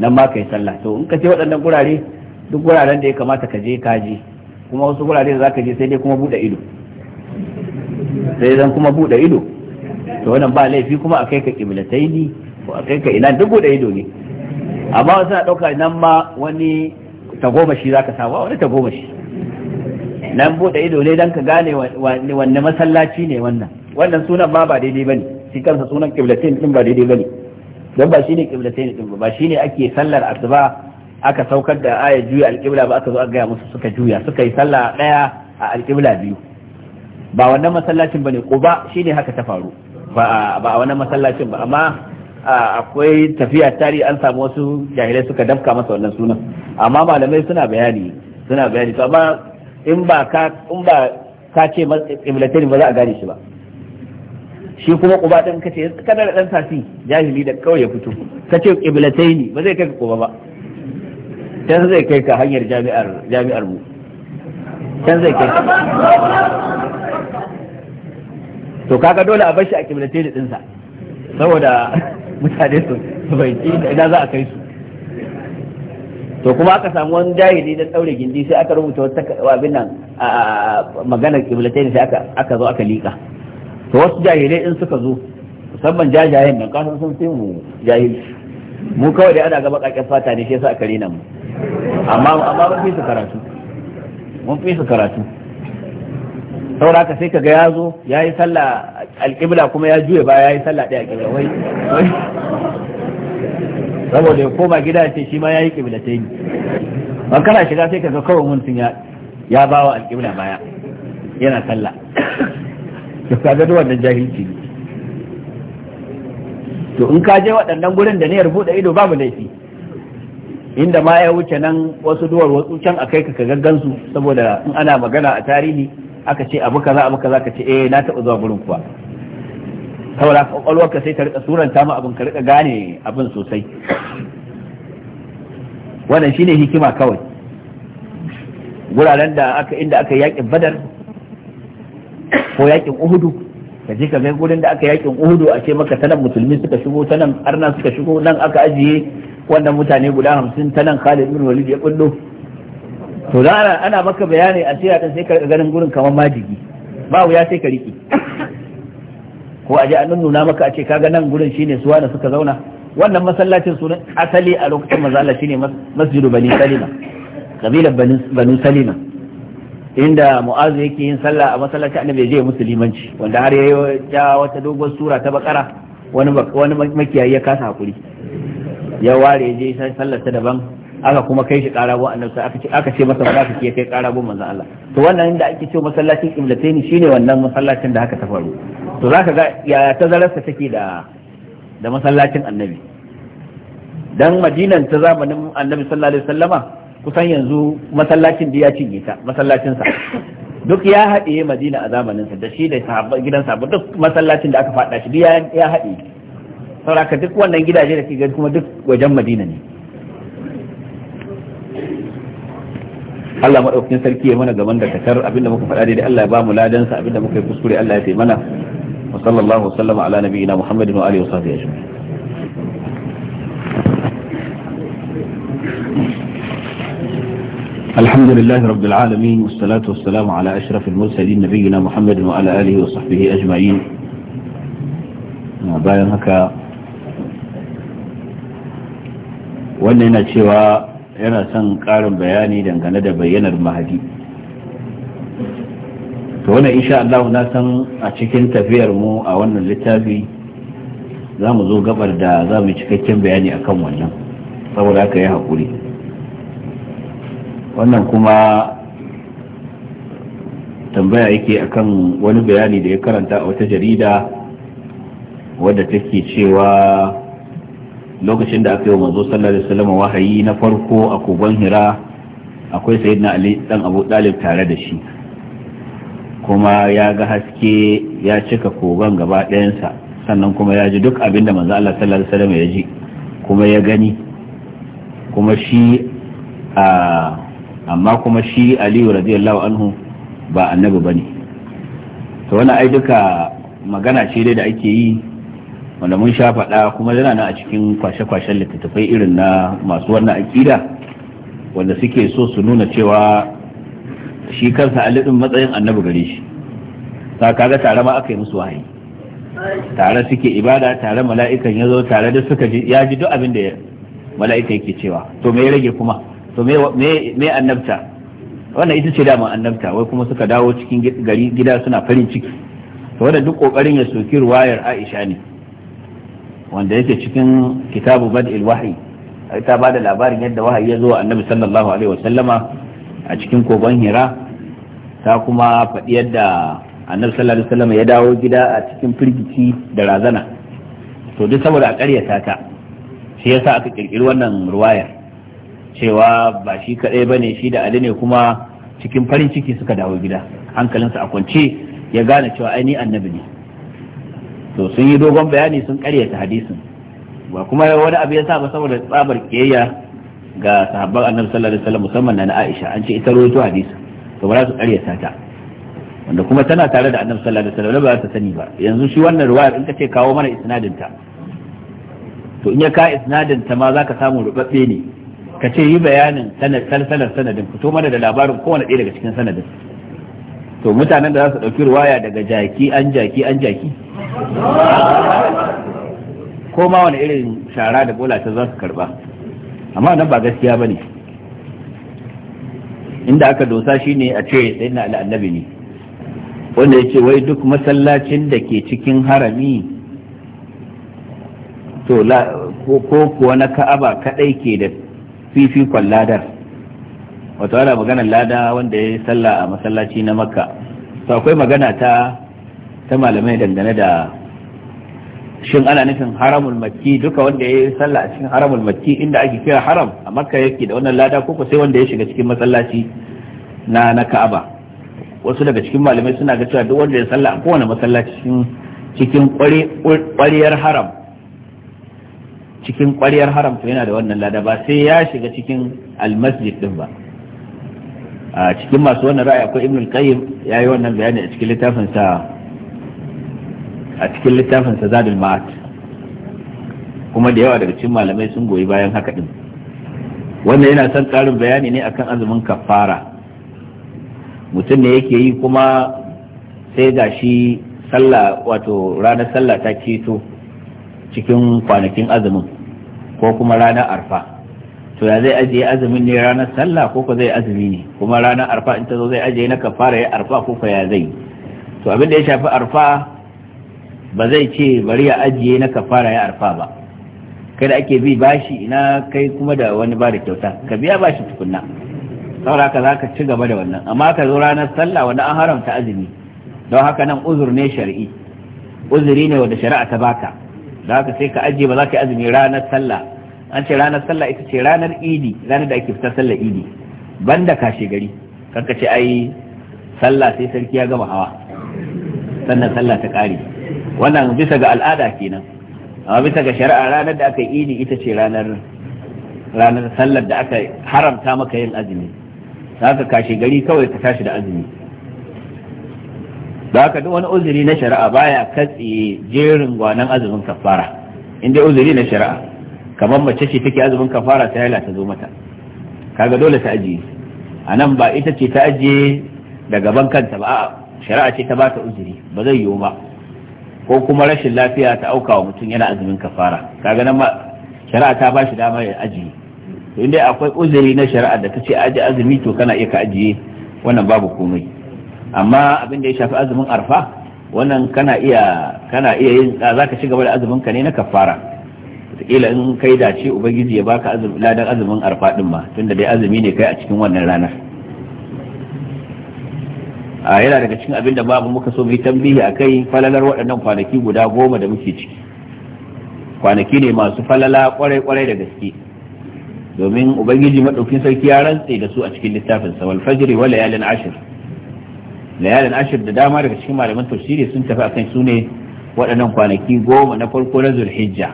nan ma yi sallah to in ka je waɗannan gurare duk guraren da ya kamata ka je ka je kuma wasu gurare da ka je sai dai kuma buɗe ido sai zan kuma buɗe ido to wannan ba laifi kuma a kai ka kiblataini ko a kai ka ina duk buɗe ido ne amma wasu na ɗauka nan ma wani tagomashi za ka samu wani tagomashi nan buɗe ido ne don ka gane wanne masallaci ne wannan wannan sunan ma ba daidai ba ne shi kansa sunan kiblatin din ba daidai ba ne don ba shine qiblatain din ba shine ake sallar asuba aka saukar da aya juya alƙibla ba aka zo a gaya musu suka juya suka yi sallah ɗaya a alƙibla biyu ba wannan masallacin ba ne ba shi shine haka ta faru ba a wannan masallacin ba amma akwai tafiya tari an samu wasu jahilai suka dafka masa wannan sunan amma malamai suna bayani suna bayani to amma in ba ka in ba ka ce qiblatain ba za a gane shi ba shi kuma quba din ce kana da dan tasi jahili da kawai ya fito Ka ce qiblataini ba zai kai ka quba ba can zai kai ka hanyar jami'ar jami'ar mu can zai kai ka to kaga dole a bashi a qiblataini din sa saboda mutane su bai ci ina za a kai su to kuma aka samu wani jahili da tsaure gindi sai aka rubuta wata abin nan a maganar kiblatai sai aka zo aka liƙa to wasu jahilai in suka zo musamman jajayen nan kasan sun fi mu jahili mu kawai dai ana gaba kakken fata ne shi yasa aka rena mu amma amma mun fi su karatu mun fi su karatu saboda ka sai ka ga ya zo ya yi sallah alƙibla kuma ya juye ba ya yi sallah ɗaya alƙibla wai saboda ya koma gida ce shi ma ya yi ƙibla ta yi ban kana shiga sai ka ga kawai mun sun ya bawa alƙibla baya yana sallah to kaga da wannan jahilci to in ka je waɗannan gurin da niyyar buɗe ido babu laifi inda ma ya wuce nan wasu duwar wasu can a kai ka gaggansu saboda in ana magana a tarihi aka ce abu kaza abu kaza ka ce eh na taɓa zuwa gurin kuwa saboda kwakwalwarka sai ta rika suranta ma abin ka rika gane abin sosai wannan shine hikima kawai guraren da aka inda aka yaƙin badar ko yakin uhudu ka je ka ga gurin da aka yakin uhudu a ce maka tanan musulmi suka shigo tanan arna suka shigo nan aka ajiye wannan mutane guda hamsin tanan khalid bin walid ya bullo to da ana, maka bayani a cewa sai ka ganin gurin kamar majigi ba wuya sai ka riki ko a je an nuna maka a ce kaga nan gurin shine suwa da suka zauna wannan masallacin sunan asali a lokacin manzo Allah shine masjidu bani salima kabilar bani salima inda mu'azu yake yin sallah a masallaci annabi je musulmanci wanda har ya ja wata dogon sura ta bakara wani wani makiyayi ya kasa hakuri ya ware je sallar ta daban aka kuma kai shi karabo annabi aka ce aka ce masa ba ya kai karabo manzon Allah to wannan inda ake cewa masallacin qiblatain shine wannan masallacin da haka ta faru to zaka ga ya tazararsa take da da masallacin annabi dan madinan ta zamanin annabi sallallahu alaihi wasallama kusan yanzu masallacin da ya cinye ta masallacin sa duk ya haɗe madina a zamanin sa da shi da sahabban gidan sa duk masallacin da aka faɗa shi ya ya haɗe saboda duk wannan gidaje da ke gani kuma duk wajen madina ne Allah maɗaukakin sarki ya mana gaban da katar abinda muka faɗa daidai Allah ya ba mu ladan sa abinda muka yi kuskure Allah ya taimana wa sallallahu wa sallama ala nabiyina Muhammadin wa alihi wa sahbihi ajma'in الحمد لله رب العالمين والصلاة والسلام على أشرف المرسلين نبينا محمد وعلى آله وصحبه أجمعين bayan haka wannan yana cewa yana son ƙarin bayani dangane da bayyanar mahadi to wannan insha Allah na san a cikin tafiyar mu a wannan littafi za mu zo gabar da za mu cikakken bayani akan wannan saboda haka yi haƙuri wannan kuma tambaya yake akan wani bayani da ya karanta a wata jarida wadda take cewa lokacin da aka yi wa manzo sallallahu alaihi wasallam wahayi na farko a kogon hira akwai sayyidina ali dan abu dalib tare da shi kuma ya ga haske ya cika kogon gaba ɗayansa sannan kuma ya ji duk abin da manzo Allah sallallahu alaihi wasallam ya ji kuma ya gani kuma shi a amma kuma shi aliyu radiyallahu anhu ba annabi bane to wannan ai duka magana ce dai da ake yi wanda mun sha faɗa kuma yana nan a cikin kwashe-kwashen littattafai irin na masu wannan aƙida wanda suke so su nuna cewa shi kansa alidin matsayin annabi gare shi ta kaga tare ma aka yi musu wahayi tare suke ibada tare mala'ikan ya zo tare da suka ji ya ji duk abin da mala'ika yake cewa to me ya rage kuma to me annabta wannan ita ce dama annabta wai kuma suka dawo cikin gari gida suna farin ciki to wannan duk kokarin ya soki ruwayar Aisha ne wanda yake cikin kitabu bad'il wahyi ta ba da labarin yadda wahayi ya zo annabi sallallahu alaihi wasallama a cikin kogon hira ta kuma faɗi yadda annabi sallallahu alaihi wasallama ya dawo gida a cikin firgici da razana to duk saboda a ƙaryata ta shi yasa aka kirkiri wannan ruwayar cewa ba shi ba bane shi da ali ne kuma cikin farin ciki suka dawo gida hankalinsa a kwance ya gane cewa ai ni annabi ne to sun yi dogon bayani sun karyata hadisin ba kuma wani abu ya sa ba saboda tsabar kiyayya ga sahabban annabi sallallahu alaihi wasallam musamman na Aisha an ce ita rawaito hadisi to ba za su karyata ta wanda kuma tana tare da annabi sallallahu alaihi wasallam ba za ta sani ba yanzu shi wannan riwayar in ka ce kawo mana isnadin ta to in ya ka isnadin ta ma zaka samu rubabbe ne ka ce yi bayanin sanar sanadin fito mana da labarin kowane ɗaya daga cikin sanadin to mutanen da za su ɗauki ruwaya daga jaki an jaki an jaki ko ma wani irin shara da bola za su karba amma nan ba gaskiya ba ne inda aka dosa shi ne a ce sai na annabi ne wanda ya ce wai duk masallacin da ke cikin harami ko kuwa na ka'aba kaɗai ke da fifikon ladar wato ana maganar lada wanda ya sallah a masallaci na makka to akwai magana ta ta malamai dangane da shin ana nufin haramul makki duka wanda ya sallah a cikin haramul makki inda ake kira haram a makka yake da wannan lada ko sai wanda ya shiga cikin masallaci na na ka'aba wasu daga cikin malamai suna ga cewa duk wanda ya sallah a kowane masallaci cikin kwariyar haram cikin ƙwariyar haram to yana da wannan lada ba sai ya shiga cikin almasjid din ba a cikin masu wannan ra'ayi akwai ibnul qayyim yayi wannan bayani a cikin littafin sa a cikin littafin sa zadul ma'at kuma da yawa daga cikin malamai sun goyi bayan haka din wannan yana son ƙarin bayani ne akan azumin kafara mutum ne yake yi kuma sai ga shi sallah wato ranar sallah ta keto cikin kwanakin azumin ko kuma ranar arfa to ya zai ajiye azumin ne ranar sallah ko ko zai azumi ne kuma ranar arfa in ta zo zai ajiye na kafara ya arfa ko ko ya zai to abin da ya shafi arfa ba zai ce bari ya ajiye na kafara ya arfa ba kada ake bi bashi ina kai kuma da wani ba da kyauta ka biya bashi tukunna saboda ka za ka ci gaba da wannan amma ka zo ranar sallah wanda an haramta azumi don haka nan uzur ne shari'i uzuri ne wanda shari'a ta baka da haka sai ka ajiye ba za ka yi azumi ranar sallah an ce ranar sallah ita ce ranar idi ranar da ake fitar sallah idi banda kashe gari karka ce ai sallah sai sarki ya gama hawa sannan sallah ta kare wannan bisa ga al'ada kenan amma bisa ga shari'a ranar da aka yi idi ita ce ranar ranar sallar da aka haramta maka yin azumi haka kashe gari kawai ka tashi da azumi da haka duk wani uzuri na shari'a baya katse jerin gwanan azumin kafara in dai uzuri na shari'a kamar mace ce take azumin kafara ta yala ta zo mata kaga dole ta ajiye a nan ba ita ce ta ajiye da gaban kanta ba a'a shari'a ce ta bata uzuri ba zai yiwu ba ko kuma rashin lafiya ta auka wa mutum yana azumin kafara kaga nan ma shari'a ta bashi shi dama ya ajiye to dai akwai uzuri na shari'a da ta ce aje azumi to kana iya ka ajiye wannan babu komai amma abin da ya shafi azumin arfa wannan kana iya kana iya yin za ka ci gaba da azumin ka ne na kafara wataƙila in kai dace ubangiji ya baka ladan azumin arfa din ma tunda dai azumi ne kai a cikin wannan ranar a yana daga cikin abin da babu muka so mu yi tambihi kai falalar waɗannan kwanaki guda goma da muke ciki kwanaki ne masu falala kwarai kwarai da gaske domin ubangiji maɗaukin sarki ya rantse da su a cikin littafin sa wal fajri layalin ashir layalin ashir da dama daga cikin malaman tafsiri sun tafi akan su ne waɗannan kwanaki goma na farko na zulhijja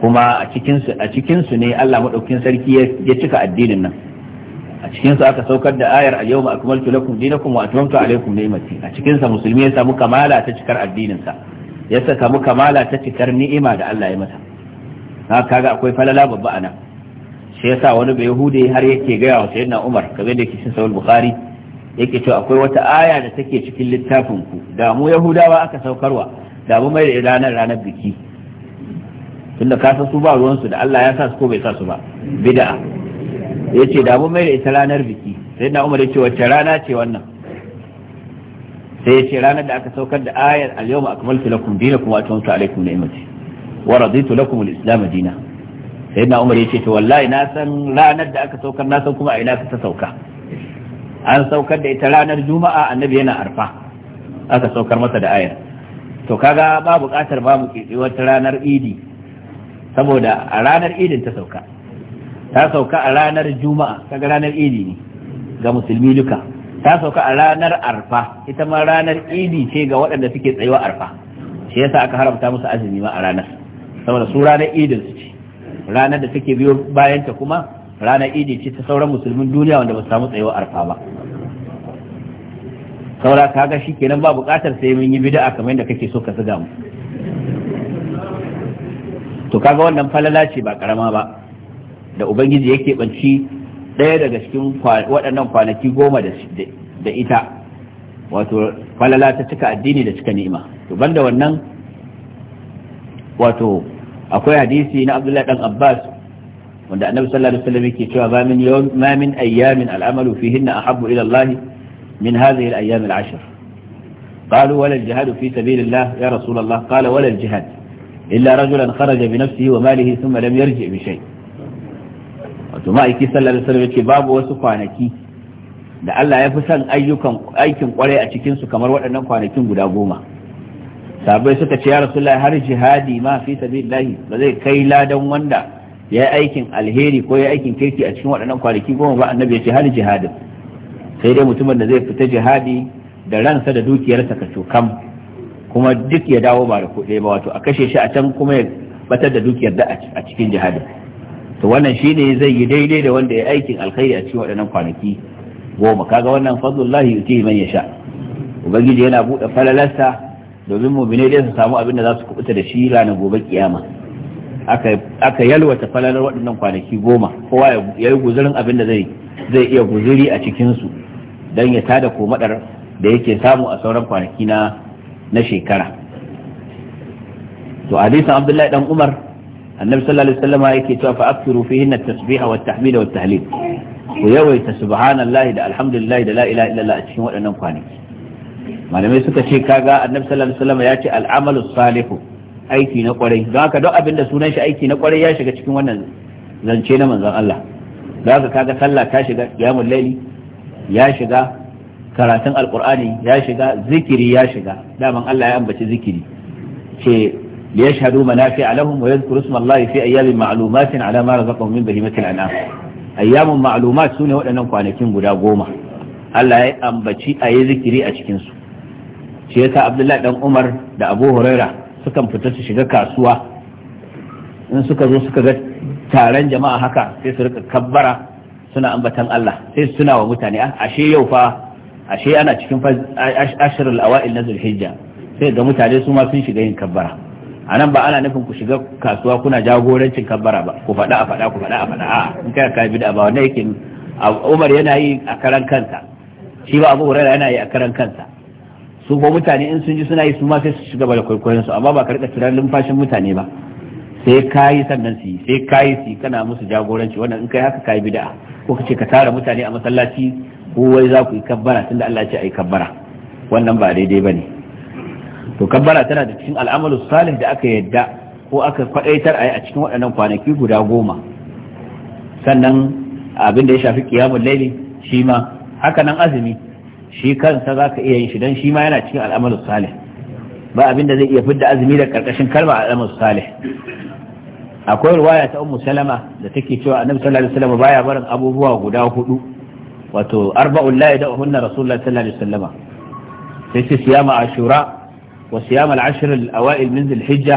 kuma a cikinsu ne Allah maɗaukin sarki ya cika addinin nan a cikinsu aka saukar da ayar a yau akmaltu lakum dinakum wa atmamtu alaykum ni'mati a cikinsa musulmi ya samu kamala ta cikar addininsa ya samu kamala ta cikar ni'ima da Allah ya masa Na kaga akwai falala babba anan shi sa wani bai hude har yake gaya wa sayyidina Umar kaga da yake cikin sahih Bukhari yake cewa akwai wata aya da take cikin littafin ku da mu yahudawa aka saukarwa da mu mai ranar ranar biki tunda ka san su ba ruwan su da Allah ya sa su ko bai sa su ba bid'a yace da mu mai da ita ranar biki sai na Umar yace wacce rana ce wannan sai yace ranar da aka saukar da ayar al-yawma akmaltu lakum dinakum wa atamtu alaykum ni'mati wa raditu lakum al-islam dinan sai na Umar yace to wallahi na san ranar da aka saukar na san kuma a ina ka ta sauka an saukar da ita ranar juma'a annabi yana arfa aka saukar masa da ayar to kaga ba buƙatar ba mu kitse wata ranar idi saboda a ranar idin ta sauka ta sauka a ranar juma'a kaga ranar idi ne ga musulmi duka ta sauka a ranar arfa ita ma ranar idi ce ga waɗanda suke tsayuwa arfa shi yasa aka haramta musu azumi ma a ranar saboda su ranar idin su ce ranar da take biyo bayan ta kuma ranar idi ce ta sauran musulmin duniya wanda ba su samu tsayuwar arfa ba saura kaga shi kenan ba bukatar sai mun yi bid'a kamar yadda kake so ka zuga mu to kaga wannan falala ce ba karama ba da ubangiji yake banci ɗaya daga cikin waɗannan kwanaki goma da ita wato falala ta cika addini da cika ni'ima to banda wannan wato akwai hadisi na abdullahi dan abbas wanda annabi sallallahu alaihi wasallam yake cewa ba min yawm ma min ayyamin al'amalu fihinna ahabbu ila Allah min hadhihi al-ayyam al-ashr قالوا ولا الجهاد في سبيل الله يا رسول الله قال ولا الجهاد إلا رجلا خرج بنفسه وماله ثم لم يرجع بشيء wato ma'aiki sallallahu alaihi wasallam yake babu wasu kwanaki da Allah ya fi son ayyukan aikin kwarai a cikin su kamar waɗannan kwanakin guda goma sabai suka ce ya rasulullahi har jihadi ma fi sabilillah ba zai kai ladan wanda ya yi aikin alheri ko ya yi aikin kirki a cikin waɗannan kwanaki goma ba annabi ya ce hali jihadin sai dai mutumin da zai fita jihadi da ransa da dukiyarsa ka kam kuma duk ya dawo ba da kuɗi ba wato a kashe shi a can kuma ya batar da dukiyar da a cikin jihadin to wannan ne zai yi daidai da wanda ya aikin alkhairi a cikin waɗannan kwanaki goma kaga wannan fadlullahi yutihi man yasha ubangiji yana buɗe falalarsa domin mu bine dai su samu abin da za su kubuta da shi ranar gobe kiyama aka yalwata falalar waɗannan kwanaki goma kowa ya yi guzurin abin da zai zai iya guziri a cikinsu don ya tada komadar da yake samu a sauran kwanaki na na shekara to hadisin abdullahi dan umar annabi sallallahu alaihi wasallam yake cewa fa aktiru fihinna tasbiha wa tahmida wa tahlil ku yawaita subhanallahi da alhamdulillah da la ilaha illallah a cikin waɗannan kwanaki malamai suka ce kaga annabi sallallahu alaihi wasallam ya ce al'amalu salihu aiki na kwarai don haka duk abin da sunan shi aiki na kwarai ya shiga cikin wannan zance na manzon Allah don haka kaga sallah ta shiga qiyamul layli ya shiga karatun alqur'ani ya shiga zikiri ya shiga daman Allah ya ambaci zikiri ce liyashhadu manafi'a lahum wa yadhkuru isma Allah fi ayyamin ma'lumatin ala ma razaqahum min bahimatil an'am ayyamun ma'lumat sune waɗannan kwanakin guda goma Allah ya ambaci ayi zikiri a cikin su shi yasa Abdullahi dan Umar da Abu Huraira sukan fita su shiga kasuwa in suka zo suka ga taron jama'a haka sai su rika kabbara suna ambatan Allah sai su tuna wa mutane ah, ashe yau fa ashe ana cikin ashirin awa'il na zulhijja sai ga mutane su ma sun shiga yin kabbara a nan ba ana nufin ku shiga kasuwa kuna jagorancin kabbara ba ku faɗa a faɗa ku faɗa a faɗa a in kai ka bida ba wannan yake Umar yana yi a karan kansa shi ba Abu Hurairah yana yi a karan kansa su ba mutane in sun ji suna yi su ma sai su shiga da kwaikwayon su amma ba ka rika tirar numfashin mutane ba sai ka yi sannan su yi sai ka yi su kana musu jagoranci wannan in kai haka ka yi bid'a ko ka ce ka tara mutane a masallaci ko wai za ku yi kabbara tunda Allah ya ce ai kabbara wannan ba daidai bane to kabbara tana da cikin al'amalu salih da aka yadda ko aka kwadaitar a yi a cikin waɗannan kwanaki guda goma sannan abin da ya shafi qiyamul laili shi ma haka nan azumi shi kansa za ka iya yin shi don shi ma yana cikin al'amalus salih ba abin da zai iya fidda azumi da karkashin kalma al'amalus salih akwai ruwaya ta ummu salama da take cewa annabi sallallahu alaihi wasallam baya barin abubuwa guda hudu wato arba'un la yad'uhunna rasulullah sallallahu alaihi wasallam sai ce siyama ashura wa siyama al-ashr al-awail min dhil-hijja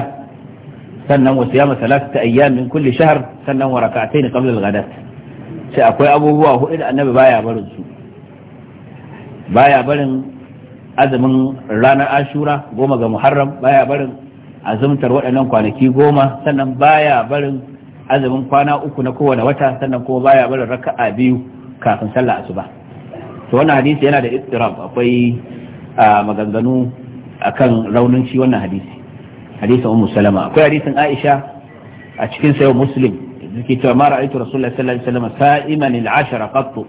sannan wa siyama thalathata ayyam min kulli shahr sannan wa rak'atayn qabla al-ghadat sai akwai abubuwa hudu da annabi baya barin su baya barin azumin ranar ashura goma ga muharram baya barin azumtar waɗannan kwanaki goma sannan baya barin azumin kwana uku na kowane wata sannan kuma baya barin raka'a biyu kafin sallah asuba to wannan hadisi yana da istirab akwai maganganu akan raunin shi wannan hadisi hadisin ummu salama akwai hadisin aisha a cikin sayo muslim yake cewa Mara ra'aytu rasulullahi sallallahu alaihi wasallam sa'iman al-ashara qattu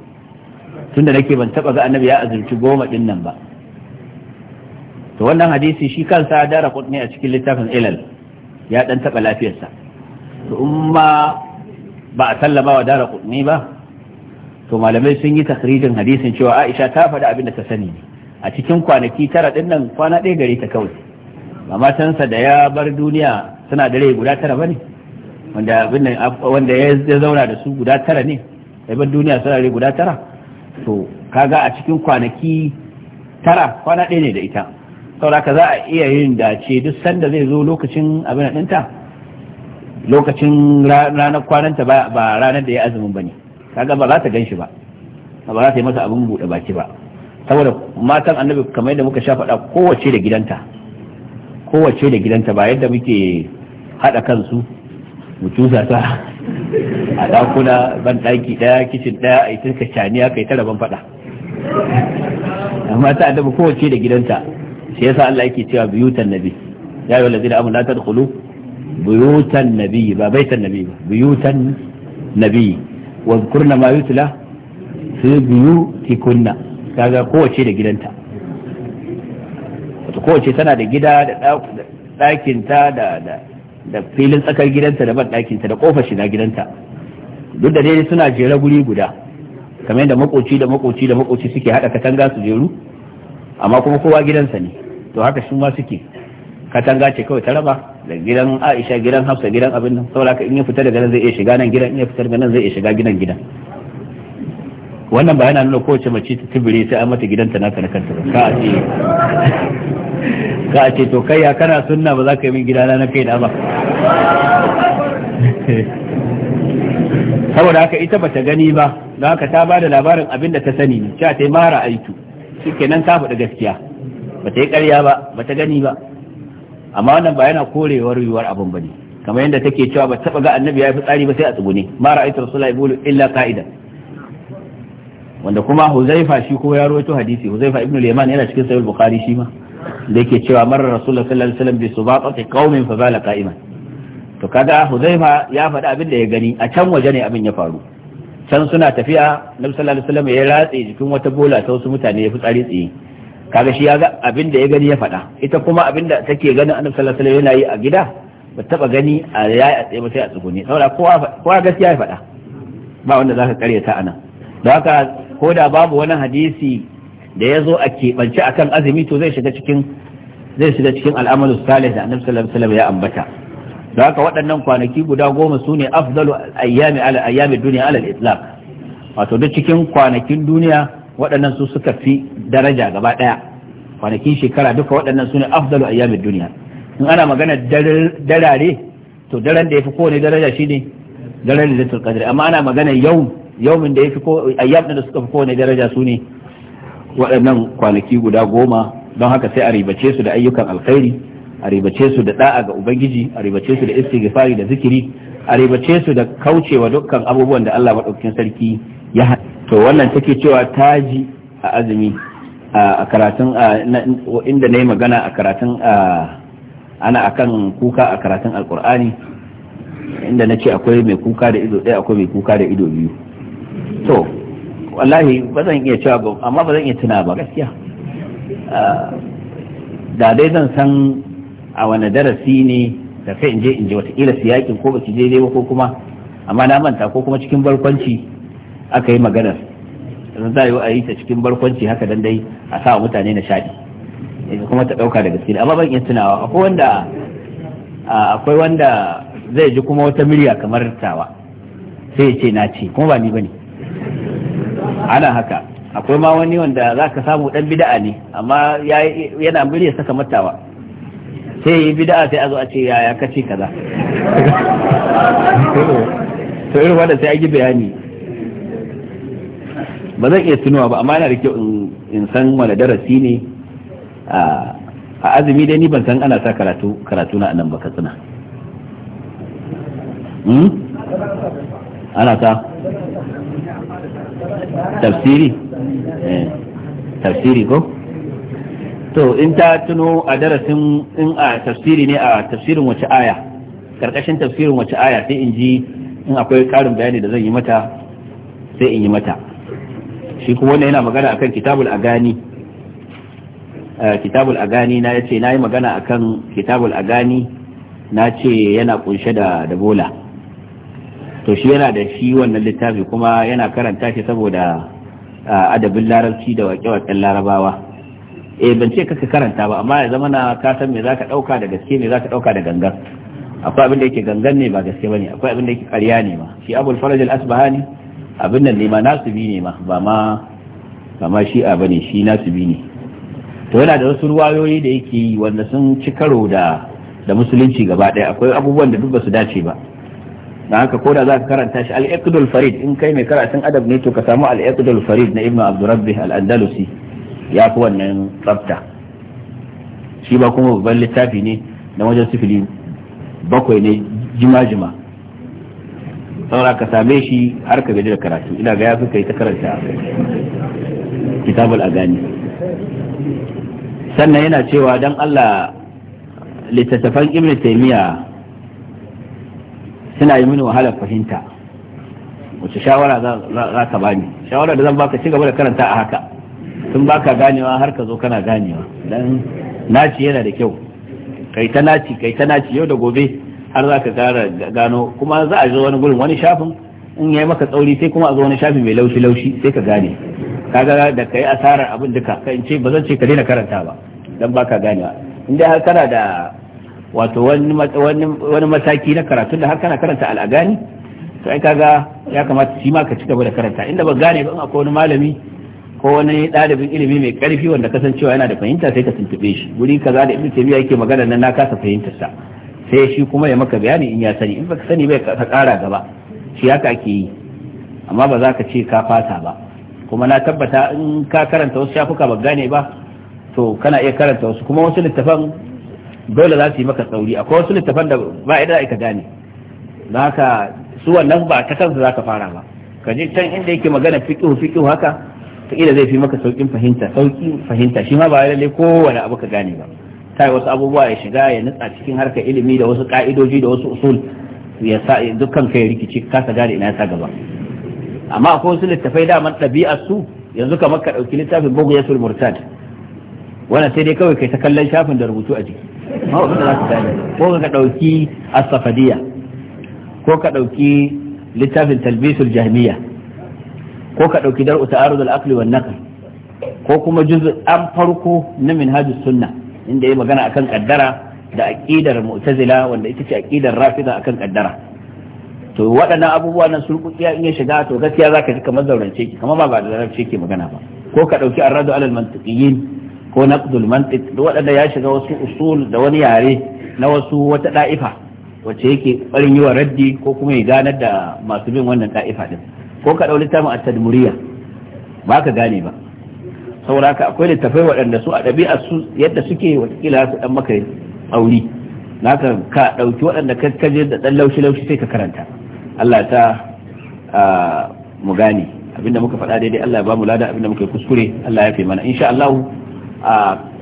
tunda nake ban taba ga annabi ya azurci goma din nan ba to wannan hadisi shi kansa dara kudni a cikin littafin ilal ya dan taba lafiyarsa to umma ba a sallama wa dara kudni ba to malamai sun yi takhrijin hadisin cewa Aisha ta faɗi abin da ta sani a cikin kwanaki tara din nan kwana ɗaya gare ta kawai ba matansa da ya bar duniya suna da rai guda tara bane wanda wanda ya zauna da su guda tara ne ya bar duniya suna da rai guda tara to kaga a cikin kwanaki tara kwana ɗaya ne da ita sauraka za a iya yin dace duk sanda zai zo lokacin abin ɗinta lokacin ranar kwananta ba ranar da ya azumin ba ne kaga ba za ta gan shi ba ba za ta yi masa abin buɗe baki ba saboda matan annabi kamar yadda muka sha faɗa kowace da gidanta kowace da gidanta ba yadda muke haɗa kansu mu cusa ta a dakuna ban daki daya kishin daya a ita ka caniya kai tara ban fada amma ta adabu kowace da gidanta sai yasa Allah yake cewa buyutan nabi ya yi walazina amur la tadkhulu buyutan nabi ba baitan nabi ba buyutan nabi wa kurna ma yutla fi kunna kaga kowace da gidanta wato kowace tana da gida da ɗakinta da da filin tsakar gidanta da ban ɗakinta da ƙofar shiga gidanta duk da dai suna jere guri guda kamar yadda makoci da makoci da makoci suke hada katanga su jeru amma kuma kowa gidansa ne to haka su ma suke katanga ce kawai ta raba da gidan Aisha gidan Hafsa gidan abin nan saboda in ya fita daga nan zai iya shiga nan gidan in ya fita daga nan zai iya shiga gidan gidan wannan ba yana nuna kowace mace ta tibiri sai an mata gidanta naka na kanta ka a ce ka a ce to kai ya kana sunna ba za ka yi min gidana na kai na ba saboda haka ita bata gani ba don haka ta ba da labarin abin da ta sani ne cewa ta mara aitu kenan ta faɗi gaskiya bata yi ƙarya ba bata gani ba amma wannan ba yana korewar yiwuwar abin bane kamar yadda take cewa ba taba ga annabi ya yi fitsari ba sai a tsugune mara aitu rasulullahi ibulu illa qa'ida wanda kuma huzaifa shi ko ya rawaito hadisi huzaifa ibnu al yana cikin sahih bukhari shi ma da yake cewa marar rasulullahi sallallahu alaihi wasallam bi subaqati qaumin fa bala qa'iman to kada Huzaifa ya faɗi abin da ya gani a can waje ne abin ya faru can suna tafiya Nabi sallallahu alaihi ya ratse jikin wata bola ta wasu mutane ya fitsari tsaye kaga shi ya ga abin da ya gani ya faɗa ita kuma abin da take ganin Annabi sallallahu alaihi yana yi a gida ba taba gani a yayi a tsaye ba sai a tsugune saboda kowa kowa gaskiya ya faɗa ba wanda za zaka karyata anan don haka ko da babu wani hadisi da ya zo a keɓance akan azumi to zai shiga cikin zai shiga cikin al'amalus salih da annabi sallallahu alaihi ya ambata da haka waɗannan kwanaki guda goma su ne afdalu ayyami ala ayyami duniya ala islam wato duk cikin kwanakin duniya waɗannan su suka fi daraja gaba ɗaya kwanakin shekara duka waɗannan su ne afdalu ayyami duniya in ana magana darare to daren da ya fi kowane daraja shi ne daren da zai kadri amma ana magana yau yaumin da ya fi ayyam da suka fi kowane daraja su ne waɗannan kwanaki guda goma don haka sai a ribace su da ayyukan alkhairi a ribace su da da'a ga ubangiji a ribace su da istighfari da zikiri a ribace su da kaucewa dukkan abubuwan da Allah madaukakin sarki ya to wannan take cewa taji a azumi a karatun inda na yi magana a karatun ana akan kuka a karatun alkur'ani inda na ce akwai mai kuka da ido ɗaya akwai mai kuka da ido biyu to wallahi ba zan iya cewa ba amma ba zan iya tuna ba gaskiya da dai zan san a wani darasi ne da kai in je in je watakila siyakin ko baki je ba ko kuma amma na manta ko kuma cikin barkwanci aka yi maganar za a yi wa ayi ta cikin barkwanci haka dan dai a sa mutane na shaɗi eh, kuma ta ɗauka da gaske amma ban iya tunawa akwai wanda akwai wanda zai ji kuma wata murya kamar tawa sai ya ce na ce kuma ba ni ba ne. ana haka akwai ma wani wanda za ka samu dan bida'a ne amma yana murya saka matawa sai yi bid'a sai a zo a ce yaya ka ce kaza to irin wanda sai a yi bayani ba zan iya tunuwa ba amma yana da kyau in san wani darasi ne a azumi dai ni ban san ana sa karatu karatu na anan ba ka katsina hmm? ana sa tafsiri eh, tafsiri ko to in ta tuno a darasin in a tafsiri ne a tafsirin wace aya karkashin tafsirin wace aya sai in ji in akwai karin bayani da zan yi mata sai in yi mata shi kuma wannan yana magana akan kitabul agani eh, kitabul agani na yace nayi magana akan kitabul agani na ce yana kunshe da da bola to shi yana da shi wannan littafi kuma yana karanta shi saboda eh, adabin larabci da waƙe-waƙen larabawa eh ban ce kaka karanta ba amma ya zama na ka san me zaka dauka da gaske me zaka dauka da gangan akwai abin da yake gangan ne ba gaske bane akwai abin da yake ƙarya ne ma shi abul faraj al asbahani abin nan ne ma nasibi ne ma ba ma ba ma shi'a bane shi nasibi ne to yana da wasu ruwayoyi da yake yi wanda sun ci karo da da musulunci gaba ɗaya akwai abubuwan da duk ba su dace ba da haka ko da za ka karanta shi al-iqdul farid in kai mai karatun adab ne to ka samu al-iqdul farid na ibnu abdurrabbih al-andalusi ya fi wannan tsafta shi ba kuma babban littafi ne na wajen sifili bakwai ne jima-jima saura ka same shi har ka gaji da karatu ina ga ya fi kai ta karanta kitabul agani sannan yana cewa don allah littattafan ibn taimiyya suna yi mini wahalar fahimta wace shawara za ka bani shawara da zan baka ci gaba da karanta a haka tun ka ganewa har ka zo kana ganewa dan naci yana da kyau kai ta naci kai ta naci yau da gobe har za ka gara gano kuma za a zo wani gurin wani shafin in yayi maka tsauri sai kuma a zo wani shafi mai laushi laushi sai ka gane kaga da kai asarar abin duka kai ce ba zan ce ka daina karanta ba dan ka ganewa in dai har kana da wato wani wani mataki na karatu da har kana karanta al'agani to ai kaga ya kamata shi ma ka ci gaba da karanta inda ba gane ba in akwai wani malami ko wani ɗalibin ilimi mai ƙarfi wanda kasancewa yana da fahimta sai ka tuntuɓe shi guri kaza da ibnu taymiya yake magana nan na kasa fahimtar sa sai shi kuma ya maka bayani in ya sani in baka sani bai ka ƙara gaba shi haka ake yi amma ba za ka ce ka fata ba kuma na tabbata in ka karanta wasu shafuka ba gane ba to kana iya karanta wasu kuma wasu littafan dole za su yi maka tsauri akwai wasu littafan da ba idan ka gane za ka su wannan ba ta kansu za ka fara ba ka ji can inda yake magana fiƙihu fiƙihu haka kila zai fi maka saukin fahimta sauki fahimta shi ma ba lalle wani abu ka gane ba sai wasu abubuwa ya shiga ya nutsa cikin harkar ilimi da wasu ka'idoji da wasu usul ya sa dukkan kai rikici kasa gane ina sa gaba amma akwai wasu littafai da man su yanzu kamar ka ɗauki littafin bugu ya sul murtad wannan sai dai kawai kai ta kallon shafin da rubutu a jiki ma da za su gane ko ka ɗauki as-safadiyya ko ka ɗauki littafin talbisul jahmiya ko ka ɗauki dar'u ta'arudul akli wan naql ko kuma an farko na minhajus sunna inda yayi magana akan kaddara da aqidar mu'tazila wanda ita ce aqidar rafida akan kaddara to waɗannan abubuwa nan surkukiya in ya shiga to gaskiya zaka ji kamar zaurance ki kamar ba ba da zarafce ke magana ba ko ka ɗauki arradu alal mantiqiyin ko naqdul mantiq waɗanda ya shiga wasu usul da wani yare na wasu wata da'ifa wacce yake ƙarin yi wa raddi ko kuma ya ganar da masu bin wannan da'ifa din ko ka ɗau littafin a tadmuriya ba ka gane ba saboda haka akwai littafai waɗanda su a ɗabi'a su yadda suke watakila su ɗan maka tsauri naka ka ɗauki waɗanda ka kaje da ɗan laushi laushi sai ka karanta Allah ta mu gane abinda muka faɗa daidai Allah ya ba mu lada abinda muka yi kuskure Allah ya fi mana insha Allah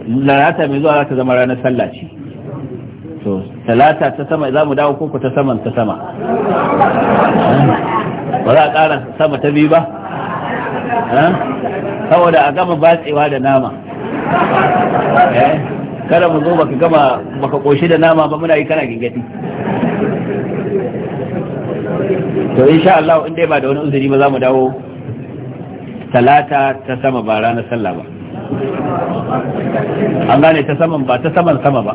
larata mai zuwa za ta zama ranar sallah ce talata ta sama za mu dawo koko ta saman ta sama ba za a ƙara sama ta biyu ba saboda a gama batsewa da nama eh? kada mu zo baka gama baka koshi da nama ba muna yi kana gingati to insha Allah in dai ba da wani uzuri ba za mu dawo talata ta sama ba ranar sallah ba an gane ta saman ba ta saman sama ba